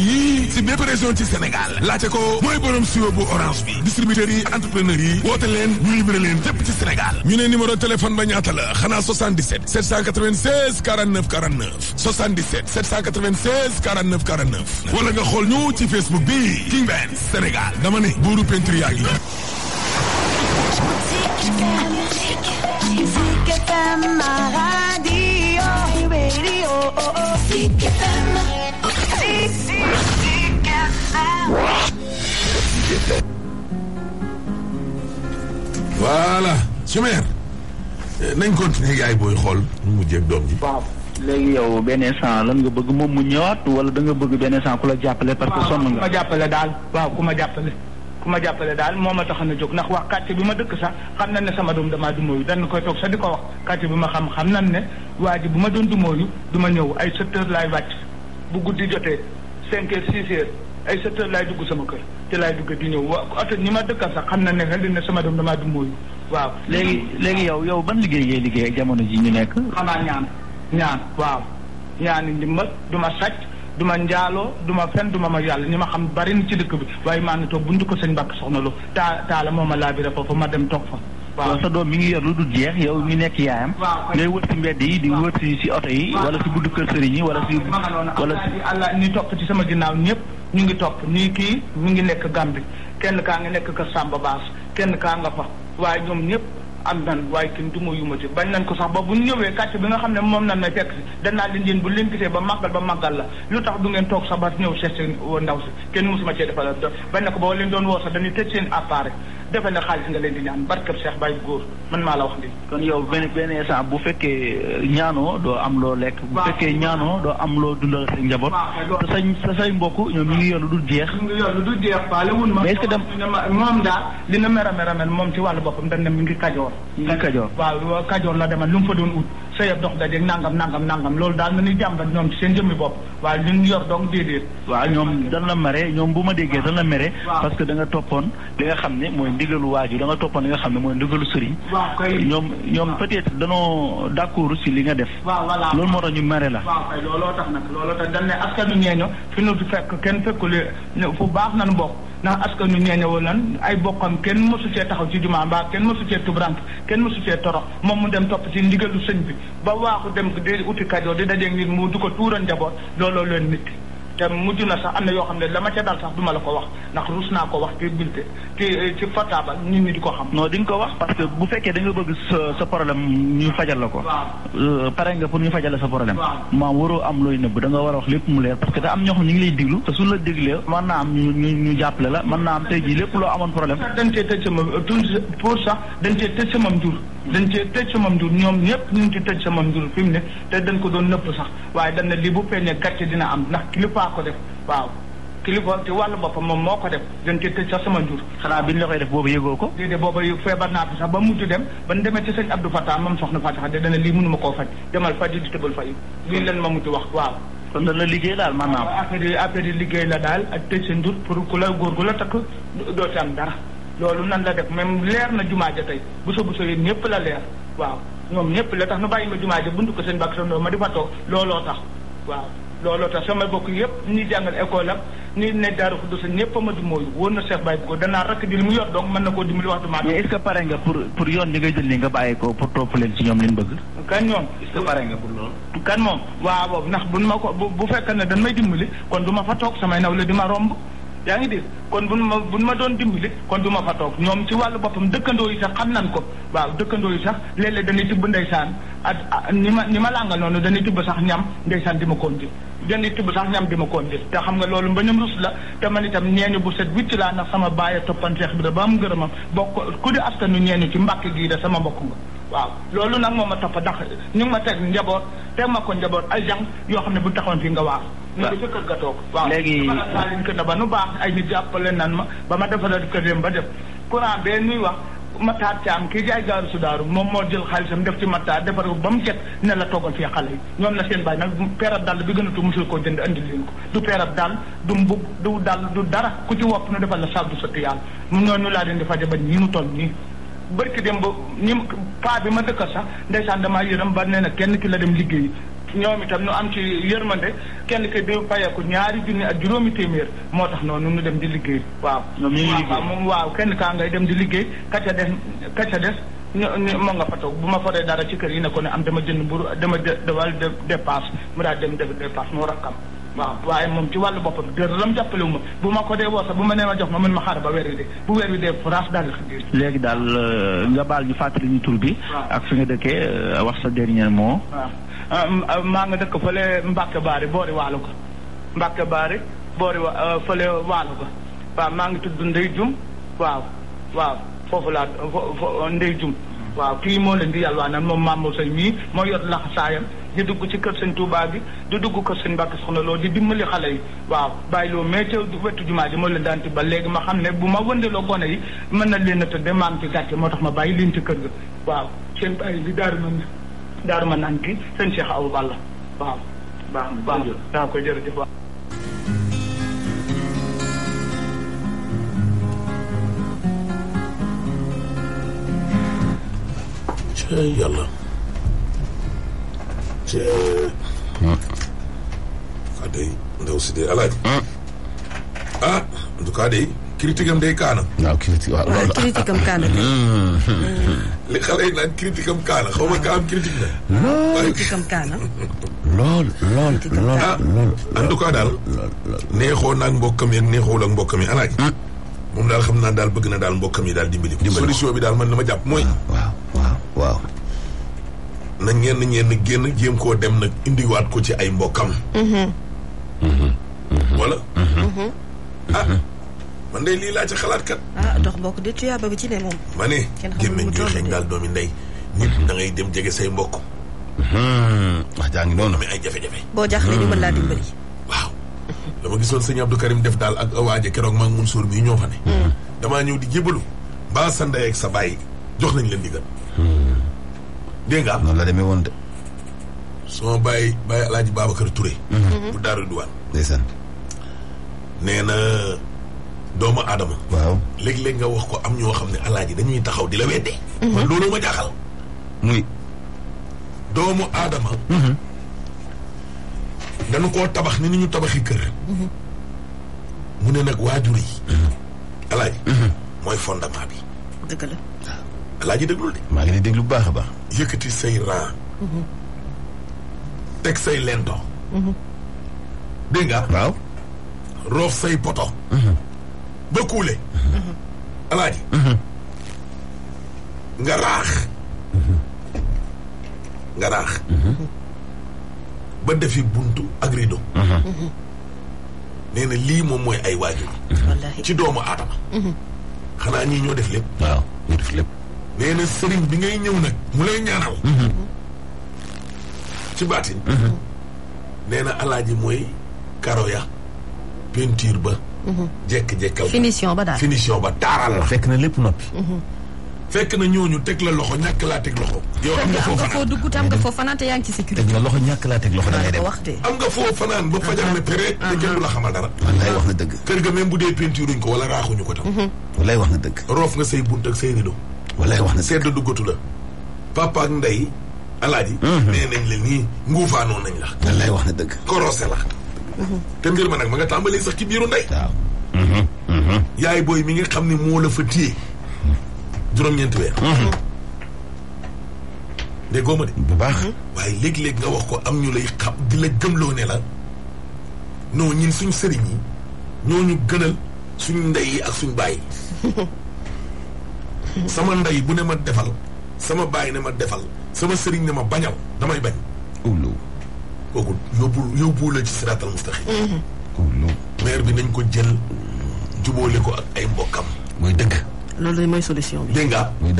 yi leen ñu libéré leen lépp ci Sénégal ñu ne numéro téléphone ba ñaata la xanaa 77 796 49 49 77 796 49 49 wala nga xool ñu ci Facebook bi King Ben Sénégal dama ne buru peinture yaa ngi Zik FM. voilà su meer eh, nañ continuer yaay booy xool mu mujjee ak doom ji. léegi yow beneen instant lan nga bëgg moom mu ñëwaat wala da nga bëgg benn instant ku la jàppale. parce que sonn nga ku ma jàppale daal waaw ku ma jàppale. ku ma jàppale daal moo ma taxoon a jóg ndax wax quartier bi ma dëkk sax xam na ne sama doom damaa dumóoyu dañ koy toog sax di ko wax quartier bi ma xam xam na ne waa bu ma doon dumóoyu du ma ñëw ay sept heures laay wàcc bu guddi jotee cinq heures ay sept heures laay dugg sama kër te laay dugg di ñëw waaw at ma dëkkal sax xam na ne xel na sama doom damaa du mooyu waaw. léegi léegi yow yow ban liggéey ngay liggéey jamono ji ñu nekk. xanaa ñaan waaw ñaan ndimbal du ma sàcc du ma njaaloo du ma fen ma ma yàlla ñi ma xam bari na ci dëkk bi waaye maa ngi toog buntu ko sëñ Mbàkke soxna Lo taa taala moo ma laabira foofu ma dem toog fa. waaw sa mi ngi yor lu jeex yow mi nekk yaayam. ngay yi di wër si si oto yi. wala si buddu kër sëriñ wala si. wala si allah ni ci sama ginnaaw ñëpp ñu ngi topp nii kii mu ngi nekk Gàmbi kenn kaa ngi nekk Kër Samba Baas kenn kaa nga fa waaye ñoom ñëpp am nan waaye kenn du ma yumati bañ nañ ko sax ba bu ñëwee kàcc bi nga xam ne moom nan na fekk si danaa leen yéen bu leen gisee ba màggal ba magal la lu tax du ngeen toog sax ba ñëw seet si ndaw si kenn musuma cee defal bañ na ko boo leen doon woo sax dañuy tëj seen appareil defe na xaalis nga leen di ñaan barkab Cheikh Baye góor man maa la wax lii. kon yow benn benn instant bu fekkee euh, ñaanoo doo am loo lekk. bu fekkee ñaanoo doo am loo dundal sa njaboot. sa sa say mbokk ñoom ñu ngi yoon lu dul jeex. ñu ngi lu dul jeex waaw ma. mais est-ce que dem moom daal li na mer a mer a mer moom ci wàllu boppam dañ ne mi ngi kajoor. mi ngi kajoor waaw kajoor la demal lu mu fa doon ut. sëyab dox dajeeg nangam nangam nangam loolu daal na ñuy jàmbat ñoom ci seen jëmmi bopp waaye li ñu yor donc déedéet. waaw ñoom dañ la mere ñoom bu ma déggee dañ la mere. parce que da nga toppoon li nga xam ne mooy ndigalu waajur da nga toppoon li nga xam ne mooy ndigalu sëriñ. waaw kay ñoom ñoom peut-être danoo d'accord li nga def. waaw voilà loolu moo tax ñu mere la. waaw kay looloo tax nag looloo tax dañ ne askanu ñeeño fi ñu fekk kenn fekkule fu baax nañu bokk ndax askan nu ñeene woon lan ay bokkam kenn mësu cee taxaw ci jumaa mbaa kenn mësu cee tubrank kenn mësu cee torox moom mu dem topp ci ndigalu sëñ bi ba waaxu dem di uti kajoor di dajeeg nit mu du ko tuural njaboot looloo leen nit te mujj na sax am na yoo xam ne la ma dal sax duma la ko wax ndax rus naa ko wax ci bilte ci ci portable nit ñi di ko xam. non di nga ko wax parce que bu fekkee da nga bëgg sa sa problème ñu fajal la ko. Euh, pare nga ñu fajal sa problème. waaw waroo am looy nëbb da nga war a wax lépp mu leer parce que da am ñoo xam ñu ngi lay diglu te suñu la diglee mën naa am ñu ñu ñu jàppale la man naa am tey jii lépp loo amoon problème. dañ cee tëj sama pour sax dañ cee tëj sama njur. dañ cee tëj sama njur ñoom ñëpp ñu ci tëj sama njur fi mu ne te dañ ko doon nëpp sax waaye dañ na lii bu feeñee gàcce dina am ndax kilifaa ko def waaw kilifa ci wàllu boppam moom moo ko def dañ cee sax sama njur xanaa biñ la koy def boobu yëgoo ko déedéet booba feebar naa fi sax ba mujj dem ban demee ci sëñ Abdou Fatah moom soxna Fatah de dana lii mënuma koo faj demal faj di tëbal fay lii lan ma mujj wax waaw kon dana liggéey daal maanaam affaire yi affaire di liggéey la daal ak tëj sa njur pour ku la góor gu la takk doo ci am dara loolu nan la def même leer na jumaa ja tey buso buso yi ñëpp la leer waaw ñoom ñëpp la tax nu bàyyi ma jumaa ja buntu ko seen bàkk sa ma di fa looloo tax waaw looloo tax sama bokk yëpp ñi jàngal école am ni ne daaru ko sa ñëpp ma di mooyu woon na Cheikh Baye ko danaa rakk di li mu yor donc mën na koo dimbali waxtu maa mais est ce que pare nga pour pour yoon li ngay jël li nga bàyyi ko pour topp leen ci ñoom liñ bëgg kan ñoom est ce que pare nga pour loolu kan moom waaw boobu ndax buñ ma ko bu fekkee ne dañ may dimbali kon du ma fa toog samay naw la di ma romb yaa ngi de kon bu nu ma buñ ma doon dimbali kon du ma fa toog ñoom ci wàllu boppam dëkkandoo yi sax xam nan ko waaw dëkkandoo yi sax léeg-léeg dañuy tibb ndeysaan ak ni ma ni ma làngal noonu dañuy tibb sax ñam ndeysaan di ma koon jël dañuy tibb sax ñam di ma koon jël te xam nga loolu mbañum rus la te man itam ñeeñu bu set wicc laa ndax sama bàyyi toppan seex bi da ba am ngërëmam bokk ku di askanu ñeeñu ci mbàkk gii da sama mbokk nga waaw loolu nag moom ma toppa ndax ñu ngi ma teg njaboot teg njaboot ay jàng yoo xam ne bu taxoon fi nga waar ñu ngi ca kër ga toog waaw léegi saa liñ ko ba nu baax ay nit jàppale nan ma ba ma defaral ko dem ba def courant bee nuy wax mataar caam kii jaay gaaru sudaaru moom moo jël xaalisam def ci mataar defar ko ba mu set ne la toogal fii xale yi ñoom na seen bàyyi nag peerab dàll bi gën a tu musul koo jënd andi leen ko du peerab dàll du mbub du dàll du dara ku ci wopp nu defal la sabdu sotti yàlla mu ñooñu laa leen di faje ba ñi mu toll nii bërki dem ba ñi paa bi ma dëkka sax ndeysaan damaa yëram ba nee na kenn ki la dem liggéey ñoom itam nu am ci yërmande kenn ke di fayeeku ñaari junni ak juróomi téeméer moo tax noonu ñu dem di liggéey waaw ñoom ñu liggéey moom waaw kenn kaa ngay dem di liggéey kaca des kaca def ñu moo nga fa toog bu ma foree dara ci kër yi ne ko ne am dama jënd mburu dama dawal dépasse mu daa dem def dépasse moo rakkam waaw waaye moom ci wàllu boppam dërëm jàppalewu ma bu ma ko dee woo sax bu ma nee ma jox ma mën ma xaar ba weer wi dee bu weer wi dee France daal léegi daal euh, nga baal ñu fàttali ñu tur bi. ak fi nga dëkkee euh, wax sa dernier mot. Euh, maa nga dëkk fële Mbacke Bari boori waalu ko Mbacke Bari boori wa euh, fële waalu ko waaw maa ngi tudd Ndey Jum waaw waaw foofu laa fo Ndey Jum waaw kii moo leen di yàlwaanal moom Mamour Seye mii moo yor laxasaayam di dugg ci kër sëñ Touba bi di dugg kër sëñ Mbacke Soxna Lo di dimbali xale yi waaw bàyyi loo mais ca wetu jumaa ji moo leen daan ba léegi ma xam ne bu ma wëndeeloo gone yi mën na leen a tëddee maam ci gàcce moo tax ma bàyyi leen ci kër ga waaw seen daaru ma naan ki seen Balla waaw. baax na baax na daa koy jërëjëf waaw. cee yàlla cee. Hmm. en ndaw si dee alaaj hmm. ah en tout cas critique am day kaana. waaw critique waaw loolu critique am kaana. li xale yi naan kaana xaw ma ka am critique la. loolu critique am kaana. loolu loolu loolu. Ah, en tout cas daal. neexoo naag mbokkam yeeg neexool ak mbokkam yi alaaj. Hmm. moom daal xam naa daal bëgg na daal mbokkam yi daal dimbali. dimbali solution bi daal man na ma jàpp mooy. waaw waaw na ñenn ñenn génn jéem ko dem nag indiwaat ko ci ay mbokkam. Hmm. Hmm. wala. Ah. man lii laa ci xalaat kat. ah dox mbokk de tuyaaba bi ci ne moom. ma ne gémmiñ gi xeeñ doomi ndey nit mhm. da dem jege say mbokk. Mhm. wax jaa ngi noonu. mais ay jafe-jafe. boo jaaxlee ñu mën laa dimbali. Mhm. waaw dama gisoon def daal ak waaje keroog maa ngi mun suur ñoo fa damaa ñëw di jébalu. mbaa sa ndey sa baay jox nañ leen digal. dégg nga. noonu la demee woon de. sama baay baay Alaaji Babacar Touré. bu Daaru Duwaan. ndeysaan. doomu aadama. waaw léegi léeg nga wax ko am ñoo xam ne alaaji dañuy taxaw di la weddee. Mhm. man loolu ma jaaxal. muy. doomu aadama. Mhm. dañu koo tabax ni ni ñu tabaxi kër. Mhm. mu ne nag waajur yi. alaaji. mooy fondement bi. dëgg la waaw. alaaji de. maa ngi lay déglu baax a baax. yëkkati say rang. teg say lento. dégg nga. waaw. roof say poto. ba kuule. alaaji. nga raax. nga raax. ba defi bunt ak rido. nee lii moom mooy ay waajur. ci doomu aadama. xanaa ñii ñoo def lépp. waaw sëriñ bi ngay ñëw nag mu lay ñaanal. ci baatin. Mhm. nee na mooy karo ya peinture ba. jékki-jékkal finition ba daal finition ba taaral la. fekk na lépp noppi. Mhm. fekk na ñooñu teg la loxo ñàkk laa teg loxo. yow am nga foo fanaan foo dugg te am nga foo fanaan te yaa ngi ci sécurité. teg la loxo ñàkk laa ba fajar ne péré. te mhm. kenn la xamal dara. wax na dëgg. kër ga même bu dee peinturuñ ko wala raaxuñu ko tam. Mhm. wallaay wax na dëgg. roof nga say bunt ak say rido. wallaay wax na dëgg duggatu la. papa ak ndey alaaji. nee nañ la nii nguufaanoo nañ la. wallaay wax na dëgg. korose la. te mbir ma nag ma nga tàmbalee sax ci biiru ndey. yaay booy mi nga xam ne moo la fa téye juróom-ñeenti weer. Mhm. dégg ma de. bu baax mhm. waaye léeg-léeg nga wax ko am ñu lay xam di la gëmloo ne la non ñun suñ sëriñ yi ñoo ñu gënal suñ ndey yi ak suñ baay sama ndey bu ne ma defal sama baay ne ma defal sama sëriñ ne ma bañal damay bañ. kooku yóbbu yóbbu la ci siraatal mustaxim mhm. maire bi nañ ko jël jubóole ko ak ay mbokkam mooy dëgg loolu mooy solution bi dégg nga mooy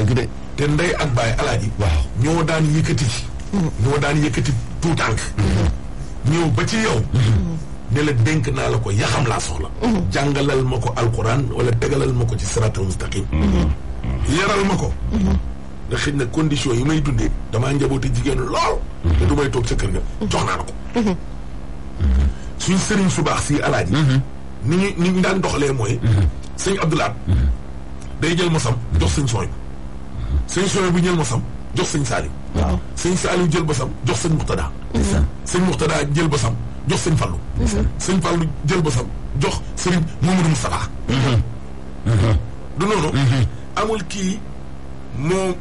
te ndey ak baay alaaji waaw ñoo daan yëkkati mhm. ñoo daan yëkkati tuutànk mhm. ñëw ba ci yow ne la dénk naa la ko yaxam laa soxla jàngalal ma ko alquran wala tegalal ma ko ci siraatal mustaqim yaral ma ko ndax xëy na condition yi may dundee damaa njabooti jigéen lool te toog ca kër ga. jox naa la ko. suñ sëriñ su baax si alaaji. ni ñu ni ñu daan doxalee mooy. sëñ Abdoulaat. day jël mosam jox sañ sooy. sëñ bu jël mosam jox sañ Saali. waaw sëñ Saali jël basam jox sëñ Muxtada. sëñ Muxtada jël basam jox sëñ Fallu. sëñ Fallu jël jox sëriñ du noonu. amul kii moo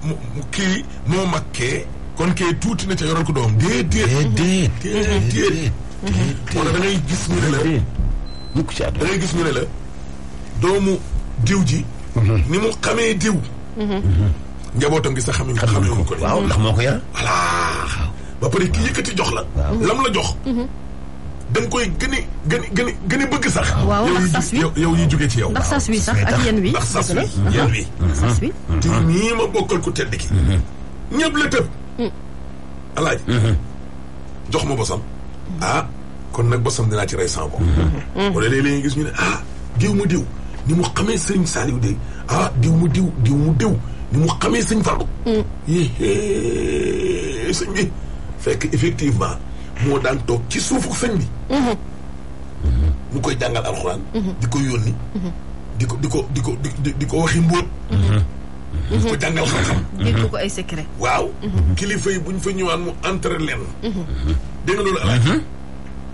kii moo makkee. kon kay tuuti na ca yoral ko doom déedéet. déedéet déedéet. moo tax da ngay gis ñu ne la. mukk ci at da ngay gis ñu ne la doomu diw ji. Mhm. ni mu xamee diw. Mhm. Mhm. njabootam gi sax xamuñ ko xamuñ ko ko. waaw ndax moo ko yar. voilà ba pare ki yëkkati jox la. lam la jox. da nga koy gën a gën gën gën a bëgg sax. waaw ndax sas wi yow yi jógee ci yow. ndax sas wi sax ak yéen wi. ndax sas wi yéen wi. sas wi. te nii ma bokkal ku tedd ki. ñëpp la tëb. Mm. alaaji mm-hmm. jox ma bosam ah kon nag bosam dinaa ci rey sans bopp mm-hmm. mm-hmm. wala léeg gis ñu ne ah diw mu diw ni mu xamee sëriñ Saliou de ah diw mu diw diw mu diw ni mu xamee sëñ Fallou mm. yii sëñ bi fekk effectivement moo daan toog ci suufu sëñ bi mu koy jàngal alxuraan di ko yónni di ko di ko di ko di di ko waxi mbóot ñu ko mhm. jàngal xam-xam dénk ko ay secret mhm. waaw mhm. kilifa yi buñ fa ñëwaan mu entre leen dégg nga loolu alaaj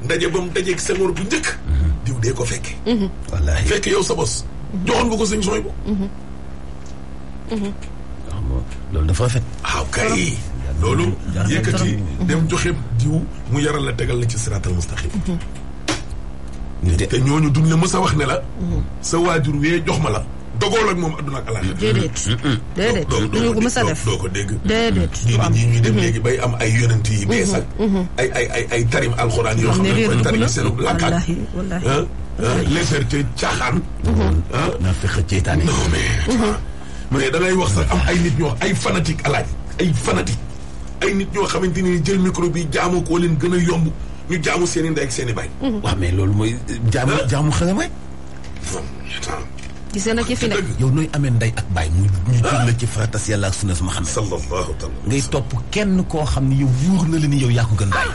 ndaje ba mu dajeeg sengoor bu njëkk diw dee ko fekke wallaahi fekk yow sa bos joxoon nga ko sëñ sooy ah, bo loolu dafa rafet waaw ah, kay loolu yëkkati dem joxe diw mu yaral la tegal la ci siratal mustaqim te ñooñu duñ la mës wax ne la sa waajur wee jox ma la dogool ak moom adduna ak alaaxira. déedéet mm, mm, mm. déedéet. duñu ko mës a def doo ko dégg. déedéet du am ñuy dem mm-hmm. léegi bay am ay yonent yi mm-hmm. bees ak. Mm-hmm. ay ay ay ay tarim alxuraan yoo xam ne koy tarim seen lakkaat. wallaahi wallaahi légèreté caaxaan. naa fexe ceetaan non mais. mais da ngay wax sax am ay nit ñoo ay fanatique alaaj ay fanatique ay nit ñoo xamante ni jël micro bi jaamu koo leen gën a yomb ñu jaamu seen i ndey ak seen i baay. waaw mais loolu mooy. jaamu jaamu xel rek. ci seen ak yëfi nag yow nooy amee nday ak baay mu ñu jur la ci faratas yàlla ak sunna ma xam ne ngay topp kenn koo xam ne yow wóor na la ni yow yaa ko gën baay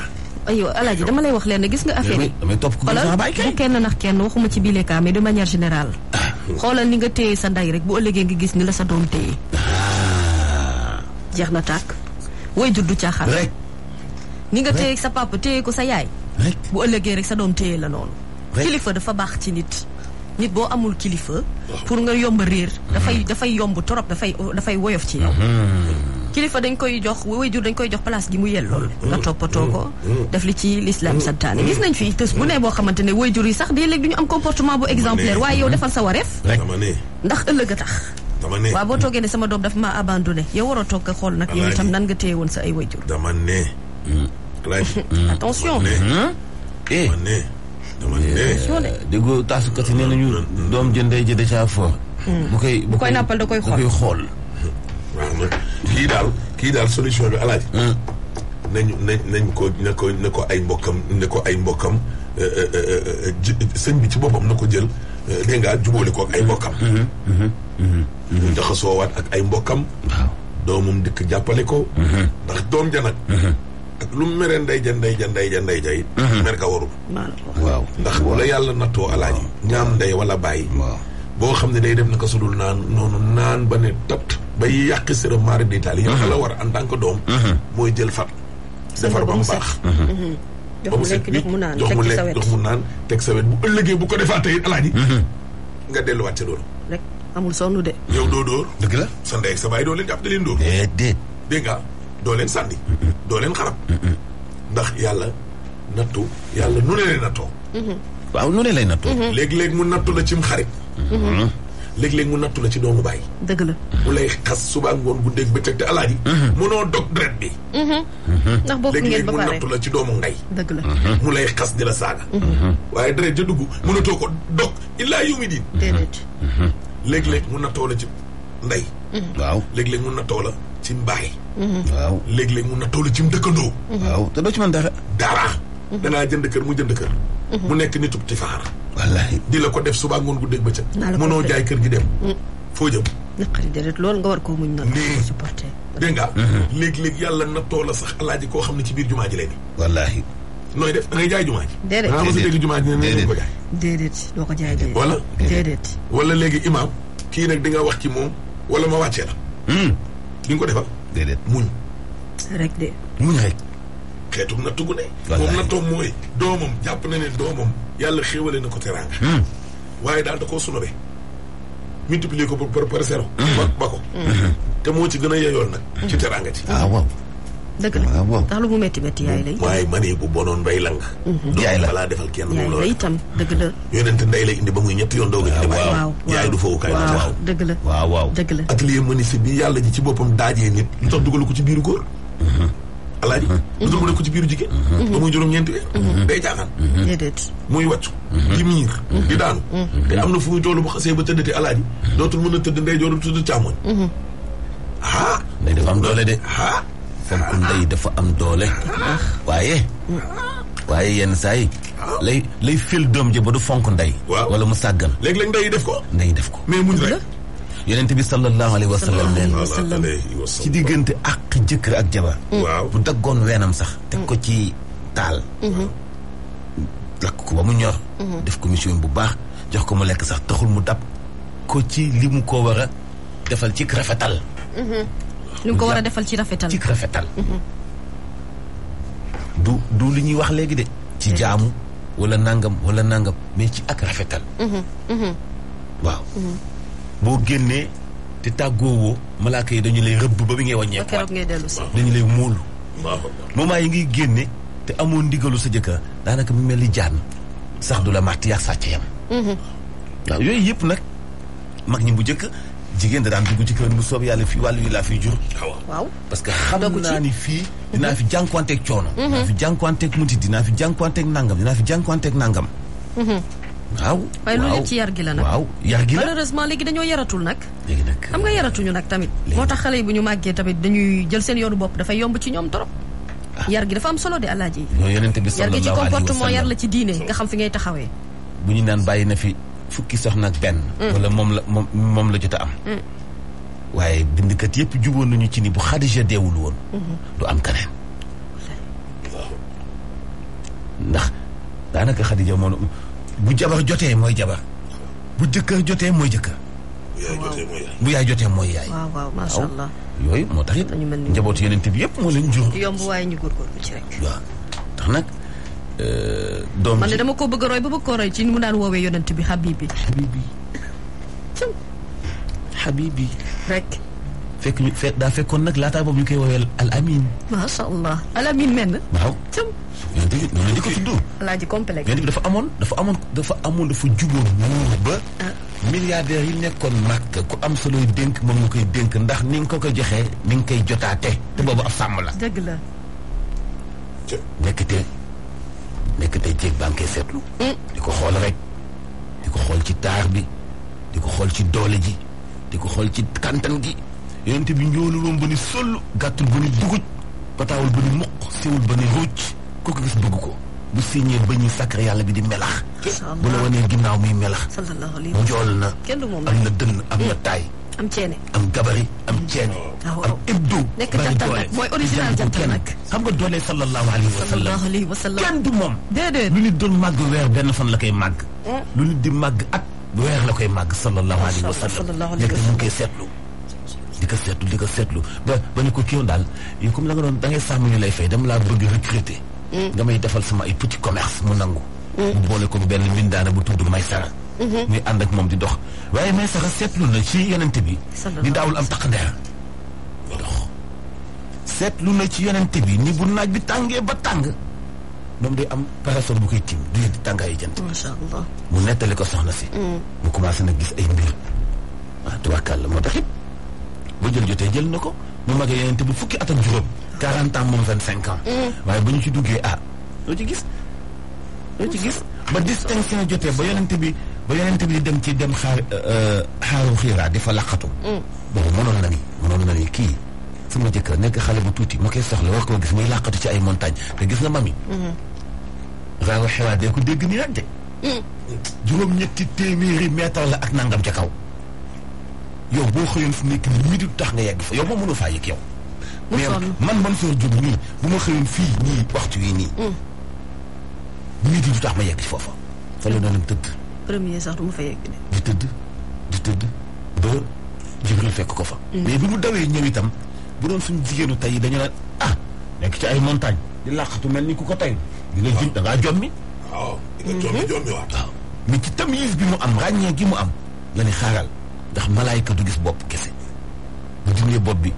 aywa alaaji dama lay wax leen gis nga affaire yi damay topp ko gën baay kay bu nax kenn waxuma ci biile kaa mais de manière générale ah. ni nga téye sa nday rek bu nga gis ni la sa doom téye ah. jeex na tàkk way juddu caaxaan rek ni nga téye sa papa téye ko sa yaay bu ëllëgee rek sa doom téye la noonu kilifa dafa baax ci nit nit boo amul kilifa. pour nga yomb réer. dafay dafay yomb torop dafay dafay woyof ci yow. kilifa dañ koy jox jur dañ koy jox place gi mu yellool. nga toppatoo ko. def li ci lislaam santaane gis nañ fi tës bu ne boo xamante ne waajur yi sax day léegi du ñu am comportement bu exemplaire waaye yow defal sa wareef. ndax ëllëg a tax. dama ne waaw boo toogee ne sama doom daf ma abandonné yow waroo a a xool nag yow itam nan nga téye woon sa ay waajur. dama ne. Mm. attention. dama mm. eh. dama ne ka taasukat yi nañu doom jëndee ji dèjà fort. bu koy bu koy nàppal da koy xool kii daal kii daal solution bi alaaji. Hmm. nañu nañ nañ ko na ko ay mbokkam na ko ay mbokkam euh, euh, euh, sëñ bi ci boppam na ko jël dégg nga jubóole ko ak ay mbokkam. ñu tax a soowaat ak ay mbokkam. waaw doomam dikk jàppale ko. Hmm, hmm. ndax doom ja ak lu mu meree nday ja nday ja nday ja nday ja mhm. ndax bu la yàlla nattoo alaaji ñaam ndey wala bàyyi boo xam ne day def naka sudul naan noonu naan ba ne tat ba yàqi sira mari d'Italie yow mhm. la war en tant que doom mhm. mooy jël fat defar ba ba mu set jox mu lekk jox mu naan teg sa bu ëllëgee bu ko defaatee it alaaji nga delluwaat ca loolu amul sonn de yow doo dóor dëgg la sa ndey sa bàyyi doo leen jàpp da leen dóor déet doo leen sànni doo leen xarab ndax yàlla nattu yàlla nu ne lay nattoo waaw nu ne lay nattoo mm-hmm. léeg-léeg mu nattu la cim xarit mm-hmm. léeg-léeg mu nattu la ci doomu baay dëgg la mu lay xas suba ngoon guddeeg bëccëg te alaaji mënoo mm-hmm. dog dret bi léeg-léeg mu nattu la ci doomu ngay dëgg mu lay xas di la saaga waaye dret ja dugg mënatoo ko dog illaa yow mi diin déedéet la ci ndey waaw léeg-léeg mu nattoo la ci mbaay. Mhm. waaw léeg-léeg mun na toll ci mu dëkkandoo. Mhm. waaw te doo ci mën dara. dara. Mhm. danaa jënd kër mu jënd kër. mu nekk nitu tifaar. wallaahi di la ko def suba ngoon guddeeg bëccëg. mënoo jaay kër gi dem. foo jëm. naqari deret loolu nga war koo muñ na. lii supporté dégg nga. léeg-léeg yàlla na toola sax alaaji koo xam ne ci biir jumaa ji lay dem. wallaahi. nooy def da jaay jumaa ji. déedéet déedéet a dégg jumaa ji ne nañ ko jaay. déedéet doo ko jaay déedéet. wala déedéet. wala léegi imaam kii nag di nga wax ci moom wala ma wàccee duñ ko defal. déedéet muñ. rek de. muñ rek. xeetu nattu gu ne. wallaahi moom nattoom mooy. doomam jàpp na ne doomam yàlla xéewale na ko teraanga. Hmm. waaye daal da koo sunobe. multiplier ko par par zéro. Hmm. ba ba ko. Hmm. te moo ci gën a yeyool nag. ci teraanga ci. ah waaw. dëgg la ah, ndax mu métti métti yaay lay. waaye ma ne bu bonoon bay lang. Mm-hmm. yaay la balaa defal kenn moom la itam dëgg la. yonent ndey lay indi ba muy ñetti yoon a indi. waaw yaay du foofu kaay. dëgg la waaw waaw dëgg bi yàlla ji ci boppam daajee nit. lu tax dugalu ko ci biiru ne mm-hmm. mm-hmm. ko ci ba muy juróom-ñeenti weer. day jaaxaan. déedéet. muy wàccu. di miir. di daanu. te am na fu muy toolu bu xasee ba tëddati alaaji. dootul mën a tëdd ndey jooru tudd càmmoñ. ah. doole de ah. fonk ndey dafa am doole ah. waaye waaye yenn saa yi lay lay fil doom ji ba du fonk ndey wala mu sàggan léeg-léeg ndey def ko ndey def ko mais muñ rek yonent bi sallallahu alayhi wa sallam neen ci diggante ak jëkkër ak jabar bu daggoon weenam sax teg ko ci taal mm-hmm. lakk ko ba mu ñor mm-hmm. def ko mission bu baax jox ko mu lekk sax taxul mu dab ko ci li mu ko war a defal ci rafetal mm-hmm. li mu ko war a defal ci rafetal ci rafetal du du li ñuy wax léegi de ci mm-hmm. jaamu wala nangam wala nangam mais ci ak rafetal mm-hmm. Mm-hmm. waaw boo génnee te tàggoowoo malaaka yi dañu lay rëbb ba bi ngay wàññeeku dañu lay muul moment yi ngiy génne te amoo ndigalu sa jëkkër daanaka mu mel ni jaan sax du la màtt yaa sàcc yam waaw yooyu yëpp nag mag ñi bu jëkk jigéen da daan dugg ci kër bu soob yàlla fii wàllu yi laa fiy jur. Ah waaw parce que xam naa ni fii. Mhm. dinaa fi jànkuwanteeg coono. Mhm. dinaa fi jànkuwanteeg mutit dinaa fi jànkuwanteeg nangam dinaa fi jànkuwanteeg nangam. Mhm. waaw waaye loolu yëpp ci yar gi la nag waaw yar gi la malheureusement léegi dañoo yaratul nag léegi nag xam nga euh, yaratuñu nag tamit moo tax xale yi bu ñu màggee tamit dañuy jël seen yoonu bopp dafay yomb ci ñoom trop ah. yar gi dafa am solo de alaaji yar gi ci comportement yar la ci diine nga xam fi ngay taxawee bu ñu naan bàyyi na fi fukki soxna ak benn. wala moom la moom moom la jot a am. waaye bindkat yëpp juboon nañu ci ni bu Xadija deewul woon. du am keneen. ndax daanaka Xadija moom bu jabar jotee mooy jabar bu jëkkër jotee mooy jëkkër. bu yaay jotee mooy yaay. waaw yooyu moo tax it. njabootu yeneen bi yëpp moo leen jur. yomb waaye ñu góorgóorlu ci rek. waaw doom man de dama koo bëgg a roy ba bëgg koo roy ci ni mu daan woowee yonent bi Habibi. Habibi. Habibi. rek. fekk ñu fekk daa fekkoon nag laataa boobu ñu koy woowee al amin. macha allah al amin mel waaw cëm. yonent bi noonu ñu ko amoon dafa amoon dafa amoon dafa jubóo buur ba. Ah. milliardaires yi nekkoon màkk ku am sa dénk moom nga koy dénk ndax ni nga ko koy joxee ni nga koy jotaate te boobu ab sàmm la. dëgg la. nekkite. nekk day jéeg banque seetlu. Mm. di ko xool rek di ko xool ci taar bi di ko xool ci doole ji di ko xool ci kantan gi. yonent bi njoolu woon ba ni sol gàttul ba ni duguj pataawul ba ni muq siwul ba ni ruuj kooku gis bëgg ko bu signé ba ñuy sàkkar yàlla bi di melax bu la wanee ginnaaw muy melax njool na am na dënn am na taay am ceene am gabari am ceene am ibdu nek jantal nag mooy original jantal nak xam nga doole sallallahu alayhi wa sallam alayhi wa kenn du moom déedéet lu nit doon màgg weer benn fan la koy màgg lu nit di màgg at weer la koy màgg sallallahu alayhi wa sallam nekk koy seetlu di ko seetlu di ba ba ne ko kii woon daal yow la nga doon da ngay sàmm ñu lay fay dama laa bëgg recruter nga defal sama ay petit commerce mu nangu mu boole ko benn mbindaana bu tudd may sara muy mm-hmm. ànd ak moom di dox waaye may sax seetlu na ci yonent bi ni daawul am taq ndeer seetlu na ci yenent bi ni bu naaj bi tàngee ba tàng moom day am parasol bu koy tiim du yëg tàngaayu jant macha mu nettali ko soxna si mm. mu commencé nag gis ay mbir waaw ah, tubaakàlla moo tax it ba jël jotee jël na ko mu magee yonent bi fukki at ak juróom quarante ans moom vingt cinq mm. waaye ba ñu ci duggee ah loo ci gis loo ci gis ba distinction jotee ba yonent bi ba yonent bi dem ci dem xaar euh, euh, xaaru xiira di fa laqatu. Mm. boobu mënoon na ni mënoon na ni kii sama jëkkër nekk xale bu tuuti ma koy soxla war koo gis muy laqatu ci ay montagne te gis na mami. Mm-hmm. xaaru xiira dee ko dégg nii nag de. Mm. juróom-ñetti téeméeri mètre la ak nangam ca kaw. yow boo xëyoon fu nekk tax nga yegg fa yow moom mënoo faa yëg yow. mais man man waxtu yi nii. midi mm. du tax ma yegg premier sax du ma fa yegg di tëdd di tëdd ba Jibril fekk ko fa mm. mais bi mu dawee ñëw itam bu doon suñu jigéenu tey dañu naan ah nekk ci ay montagne di làqatu mel ni ku ko tey di nga jëm da ngaa jommi waaw mm-hmm. mais ci tamise bi mu am ràññee gi mu am la ne xaaral ndax malaayka du gis bopp kese bu dindee bopp bi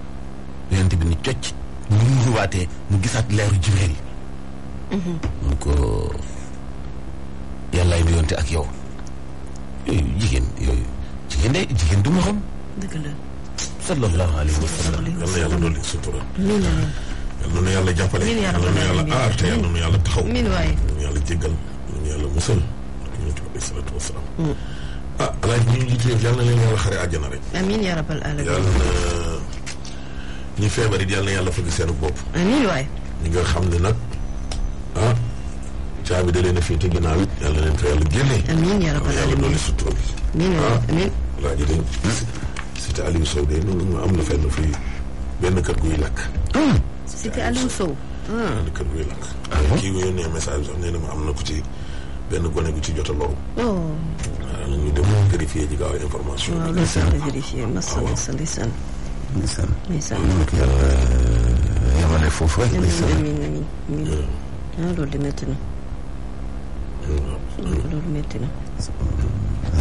yonent bi ni cocc mu muuruwaatee mu gisaat leeru Jibril yi mm-hmm. mu ko yàllaay nuyonte ak yow yooyu jigéen yooyu eh, jigéen day jigéen du ma xam. dëgg la. sallallahu alayhi wa sallam. yal na yàlla dolli sutura. miin yal na nu a jàppale. yal na yal na nu yàlla taxaw. yal na nu yàlla jéggal yal na nu yàlla musal. yonent bi alayhi salaatu wa salaam. Mm. ah alaaji ñu jiite yal na leen yàlla xare àjjana rek. yal na ñu feebar yal na yàlla fëgg seen bopp. amiin waay. ñi nga xam ne ah, caabi da leen a féete ginnaaw it yàlla leen fa yàlla génne. amiin yaa rabbal aalamiin yàlla dolli sutura bi. amiin amiin ah laaj dañ. cité Aliou Sow de noonu am na fenn fii benn kër guy lakk. cité hmm. Aliou Sow. Ah. benn kër guy lakk. Ah kii yooyu yónnee message sax nee na ma am na ku ci benn gone gu ci jot a loru. waaw oh. ah, na ñu dem vérifier ji gaaw information. waaw loolu sax la vérifier masa masa ndeysaan. ndeysaan ndeysaan. yàlla yemale foofu rek. ndeysaan amiin amiin amiin. loolu de métti na. loolu métti na.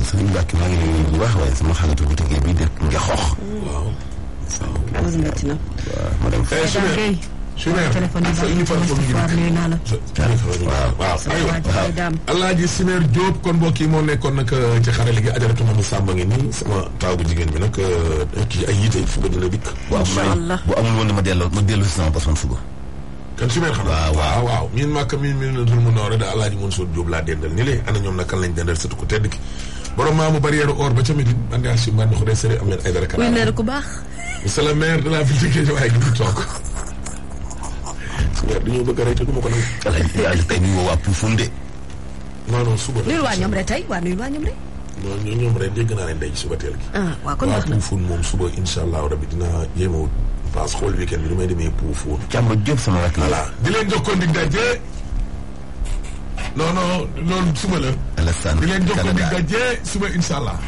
sëriñ Mbacke maa ngi lay waaye sama xaritu bu tege bii def nga xox. waaw. na. waaw kon mbokk yi moo nekkoon nag euh, ci xarale gi ajaratu bu jigéen bi nag kii euh, ay yite suba dina dikk. waaw bu amul woon dama delloo ma dellu si sama bosoon suba. kan si meen xanaa waaw waaw waaw miin màkka miin miinatul mu noore da alaaji Mansour Diop laa dendal ni lée ana ñoom nag lañ dendal surtout ku tedd ki borom maamu barrière or ba ca Médine andaa si man ni xo dee sëriñ Ahmed Aïdara Kara muy maire ku baax c'est le maire de la ville su maire dañoo bëgg a rey te du ma ko nangu alaaji tey nuyoo waa Poufoundé non non suba nuyul waa ñoom rek tey waa nuyul waa ñoom rek non ñoom rek dégg naa leen day ci suba teel gi ah, waa Poufoundé moom suba incha allah rabbi dinaa wut dépense xool week-end bi du may demee puufu. Càmba Diop sama rakk voilà di leen jokkoon dig daje. non non loolu suba la. di leen jokkoon dig daje suba incha allah.